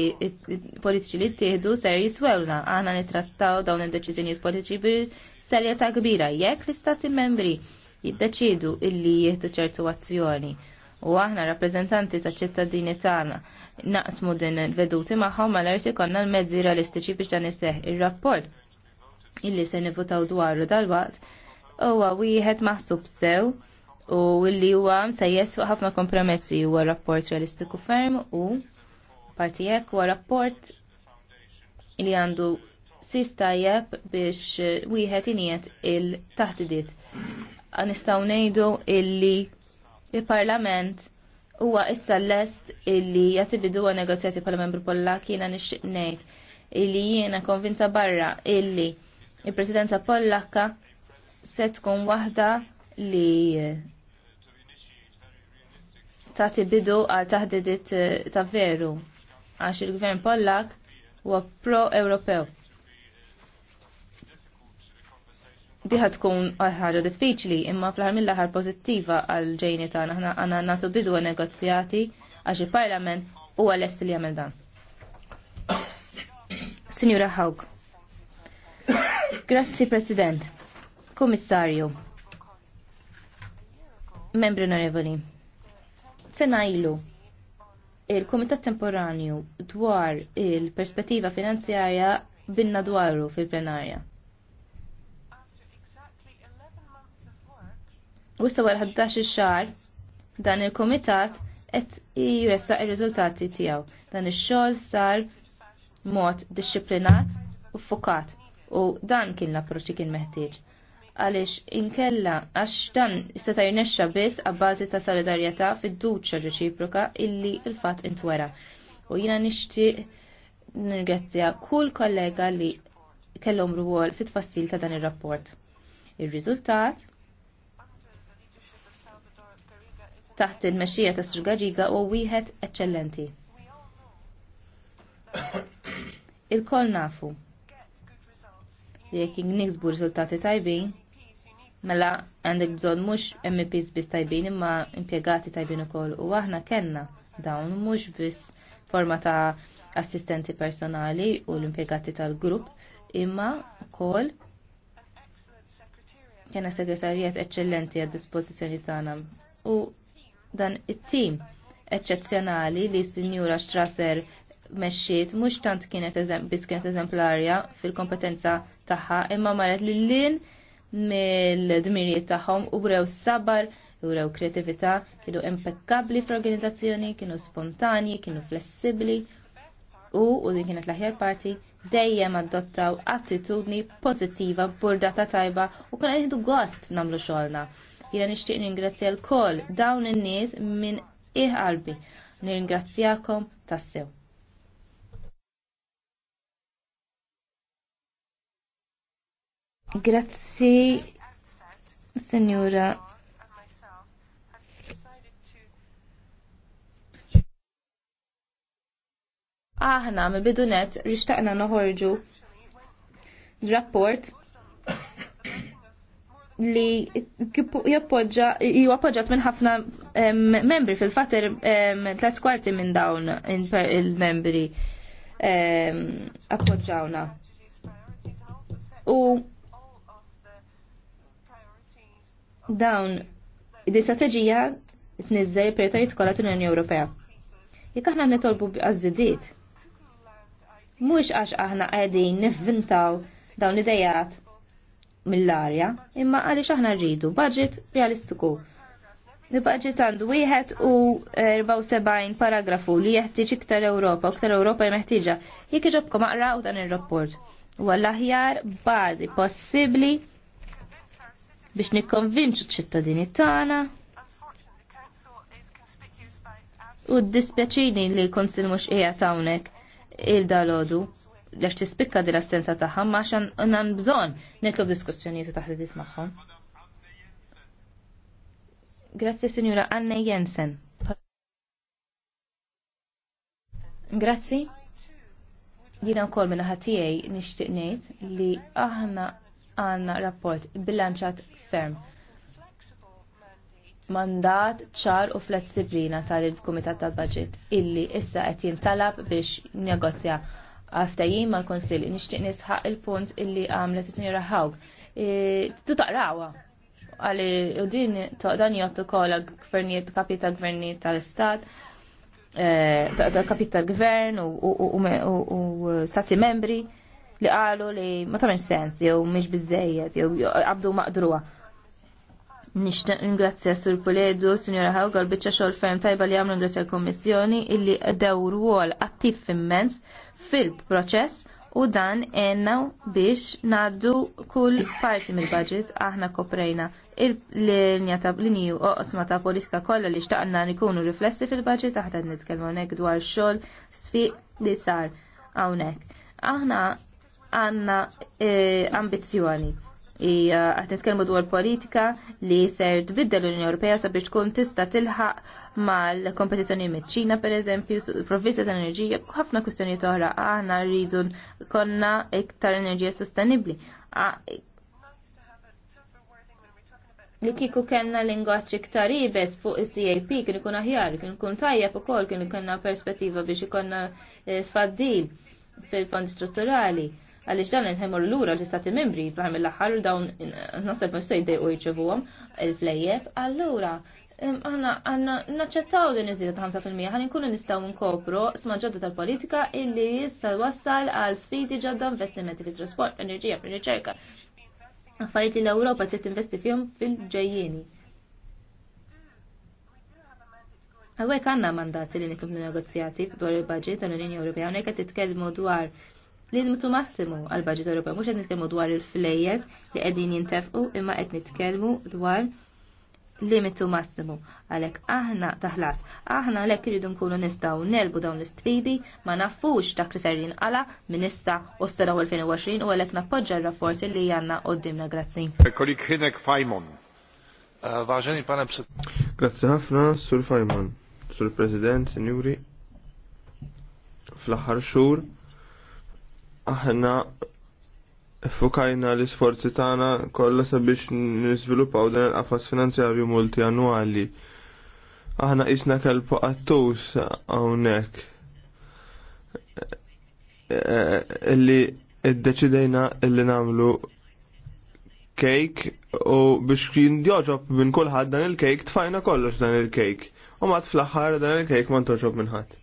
politiċi li ttieħdu ser jiswewna. Aħna nitrattaw dawn il-deċiżjonijiet politiċi bil ta' kbira jekk l-istati membri jiddeċidu illi jieħdu ċertu azzjoni. U aħna rappresentanti ta' ċittadini tagħna naqsmu din il-veduti maħħa ma l-arti konna l-mezzi realistiċi biex dan isseħ il-rapport illi se nifutaw dwaru dal-waqt huwa wieħed maħsub sew u illi huwa se fuq ħafna kompromessi huwa rapport realistiku ferm u partijek huwa rapport li għandu sista tajjeb biex wieħed iniet il-taħtidiet. Nistgħu ngħidu illi il-Parlament il parlament huwa issa lest illi jagħti bidu negozjati bħala membru Pollak jiena nixtieq illi jiena konvinza barra illi il-Presidenza Pollakka se tkun waħda li ta' bidu għal taħdidiet ta' veru għax il-Gvern Pollak huwa pro-Ewropew. diħa tkun ħaġa diffiċli, imma fl ħarmilla mill-ħar pozittiva għal ġejni tagħna naħna għandna nagħtu bidu negozjati għax il-Parlament huwa est li jagħmel dan. Signora Hawk. Grazzi President. Komissarju. Membri onorevoli. Sena ilu il komitat Temporanju dwar il-perspettiva finanzjarja binna dwaru fil-plenarja U issa l 11 xar dan il-kumitat qed jressaq ir-riżultati tiegħu. Dan ix-xogħol sar mod dixxiplinat u fukat u dan kien l-approċċ kien meħtieġ. Għaliex inkella għax dan seta' jirnexxa biss għabbażi ta' solidarjetà fid-duċċa reċiproka illi il-fatt intwera. U jiena nixtieq nirgrazzja kull kollega li kellhom rwol fit-tfassil ta' dan ir-rapport. Ir-riżultat taħt il-mexxija ta' Sur Gariga u wieħed eċċellenti. Il-koll nafu li jekk niksbu riżultati tajbin, mela għandek bżonn mhux MPs biss tajbin imma impjegati tajbin ukoll u aħna kellna dawn mhux biss forma ta' assistenti personali u l-impjegati tal-grupp imma ukoll kena segretarijiet eċċellenti għad dispożizzjoni tagħna u Dan it-tim eċċezzjonali li s-Sinjura Strasser mexxiet mhux tant kienet biss kienet eżemplarja fil-kompetenza tagħha imma marret lil lin mill-dmirijiet tagħhom u brew sabar u brew kreativita kienu impeccabli fl-organizzazzjoni, kienu spontanji, kienu flessibli u u din kienet l-aħjar parti dejjem adottaw attitudni pożittiva burdata tajba u kien jieħdu gost nagħmlu xogħolna jena nixtieq ningrazzja l-koll dawn in-nies minn iħalbi. Nirringrazzjakom tassew. Grazzi, Signora. Aħna, me bidunet, rixtaqna noħorġu rapport li jappoġġa ju appoġġat minn ħafna membri fil-fatter tlet kwarti minn dawn il-membri appoġġawna. U dawn id-istrateġija t-nizzej prioritajiet kollha t unjoni Ewropea. Jek aħna nitolbu għaż-żidiet, mhuwiex għax aħna qegħdin nifvintaw dawn l-idejat mill-arja, imma għaliex aħna rridu budget realistiku. Il-budget għandu wieħed u 74 paragrafu li jeħtieġ iktar Ewropa, iktar Ewropa meħtieġa. Jekk iġobkom aqra u dan ir-rapport. U għall-aħjar bażi possibbli biex nikkonvinċu ċ-ċittadini tagħna u d-dispjaċini li konsil mux tawnek il-dalodu lex tispikka di l-assenza taħħam ma unan bżon bżon diskussjoni diskussjonijiet taħt id maħħom. Grazie signora Anne Jensen. Grazzi. Jina u kol minna ħatijaj nishtiqnejt li aħna għanna rapport bilanċat ferm mandat ċar u flessiblina tal-Kumitat tal-Budget illi issa qed jintalab biex negozja għaftajim mal konsil nixtieq nisħaq il-punt illi għamlet is-Sinjora Hawk. E, taqrawa. għalli u din toqdan jottu kolla gvernijiet kapi gvernijiet tal-istat, il-Kapita e, ta' gvern u sati membri li għalu li ma tamenx sens, jew miex bizzejiet, jew għabdu maqdruwa. Nishtan ingrazzja Sur Poledu, Signora għal bieċa xol ferm tajba li għamlu ingrazzja l-Kommissjoni illi dawru għol attiv immens fil-proċess u dan għenna biex naddu kull parti mill-budget aħna koprejna il-linja ta' linji u osma ta' politika kollha li xtaqna nikunu riflessi fil-budget aħna nitkellmu hawnhekk dwar xogħol sfiq li sar hawnhekk. Aħna għandna eh, ambizzjoni hija qed nitkellmu dwar politika li ser tbiddel l-Unjoni Ewropea sabiex tkun tista' tilħaq mal-kompetizzjoni miċ-Ċina pereżempju, provvista ta' enerġija, ħafna kwistjonijiet oħra aħna rridu konna iktar enerġija sostenibbli. Li kiku kellna lingwaċċ iktar ibes fuq is-CAP kien ikun aħjar, kien ikun tajjeb ukoll kien ikunna perspettiva biex ikonna sfaddil eh, fil-fond strutturali għaliex dan inħemmu l-lura l-istati membri fl l aħħar u dawn nasab mhux se jdejqu jċevuhom il-flejjes, allura għanna għanna naċċettaw din iżida ta' 5% għan nkunu nistgħu nkopru sma ġodda tal-politika illi jista' wassal għal sfidi ġodda investimenti fi trasport, enerġija, riċerka. Affarijiet li l-Ewropa trid tinvesti fihom fil-ġejjieni. Għawek għanna mandati li nikib negozjati dwar il-budget tal-Unjoni Ewropea, għonek għed titkellmu dwar l-limitu massimu għal budget Ewropew mhux qed nitkellmu dwar il-flejjes li qegħdin jintefqu imma qed nitkellmu dwar limitu massimu għalhekk aħna taħlas aħna għalhekk iridu nkunu nistaw nelbu dawn l-istfidi ma nafux dak li ser jinqala minn u s-sena 2020 u għalhekk nappoġġa r-rapport li għandna qudiemna grazzi. Kolik Hinek Fajmon. Eh, Vaġeni pana Grazzi ħafna, Sur Fajmon, Sur President, Senjuri, fl-aħħar xhur aħna fukajna l-isforzi tagħna kollha sabiex niżviluppaw dan il-qafas finanzjarju multianwali. Aħna qisna kelpu attus hawnhekk. Illi e, e, iddeċidejna illi nagħmlu kejk u biex joġob minn kulħadd dan il-kejk tfajna kollox dan il-kejk. U mat fl-aħħar dan il-kejk ma ntoġob minn ħadd.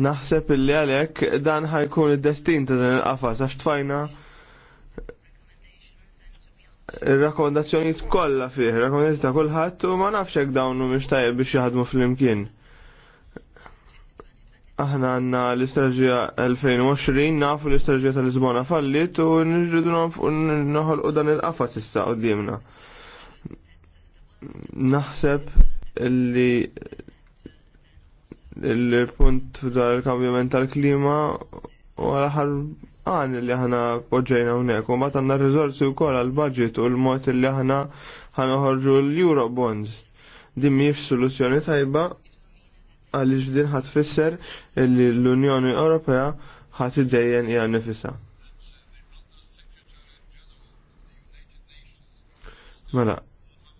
Naħseb illi għalhekk dan ħajkun id-destin ta' dan il-qafas għax tfajna ir-rakkomandazzjonijiet kollha fih, rakkomandazzjonijiet ta' kulħadd u ma nafx hekk dawn mhumiex tajjeb biex jaħdmu flimkien. Aħna għandna l-istraġija 2020 nafu l-istraġija tal-Lisbona fallit u nirridu noħolqu dan il-qafas issa qudiemna. Naħseb li il-punt il kambjament tal-klima u għal-ħar għan li ħana poġġejna unek u bat għanna rizorsi u kol għal-budget u l-mot li ħana ħana ħorġu l-Euro bonds. Din miex soluzzjoni tajba għalix din ħat fisser li l-Unjoni Ewropea ħat id-dejjen hija nifisa. Mela,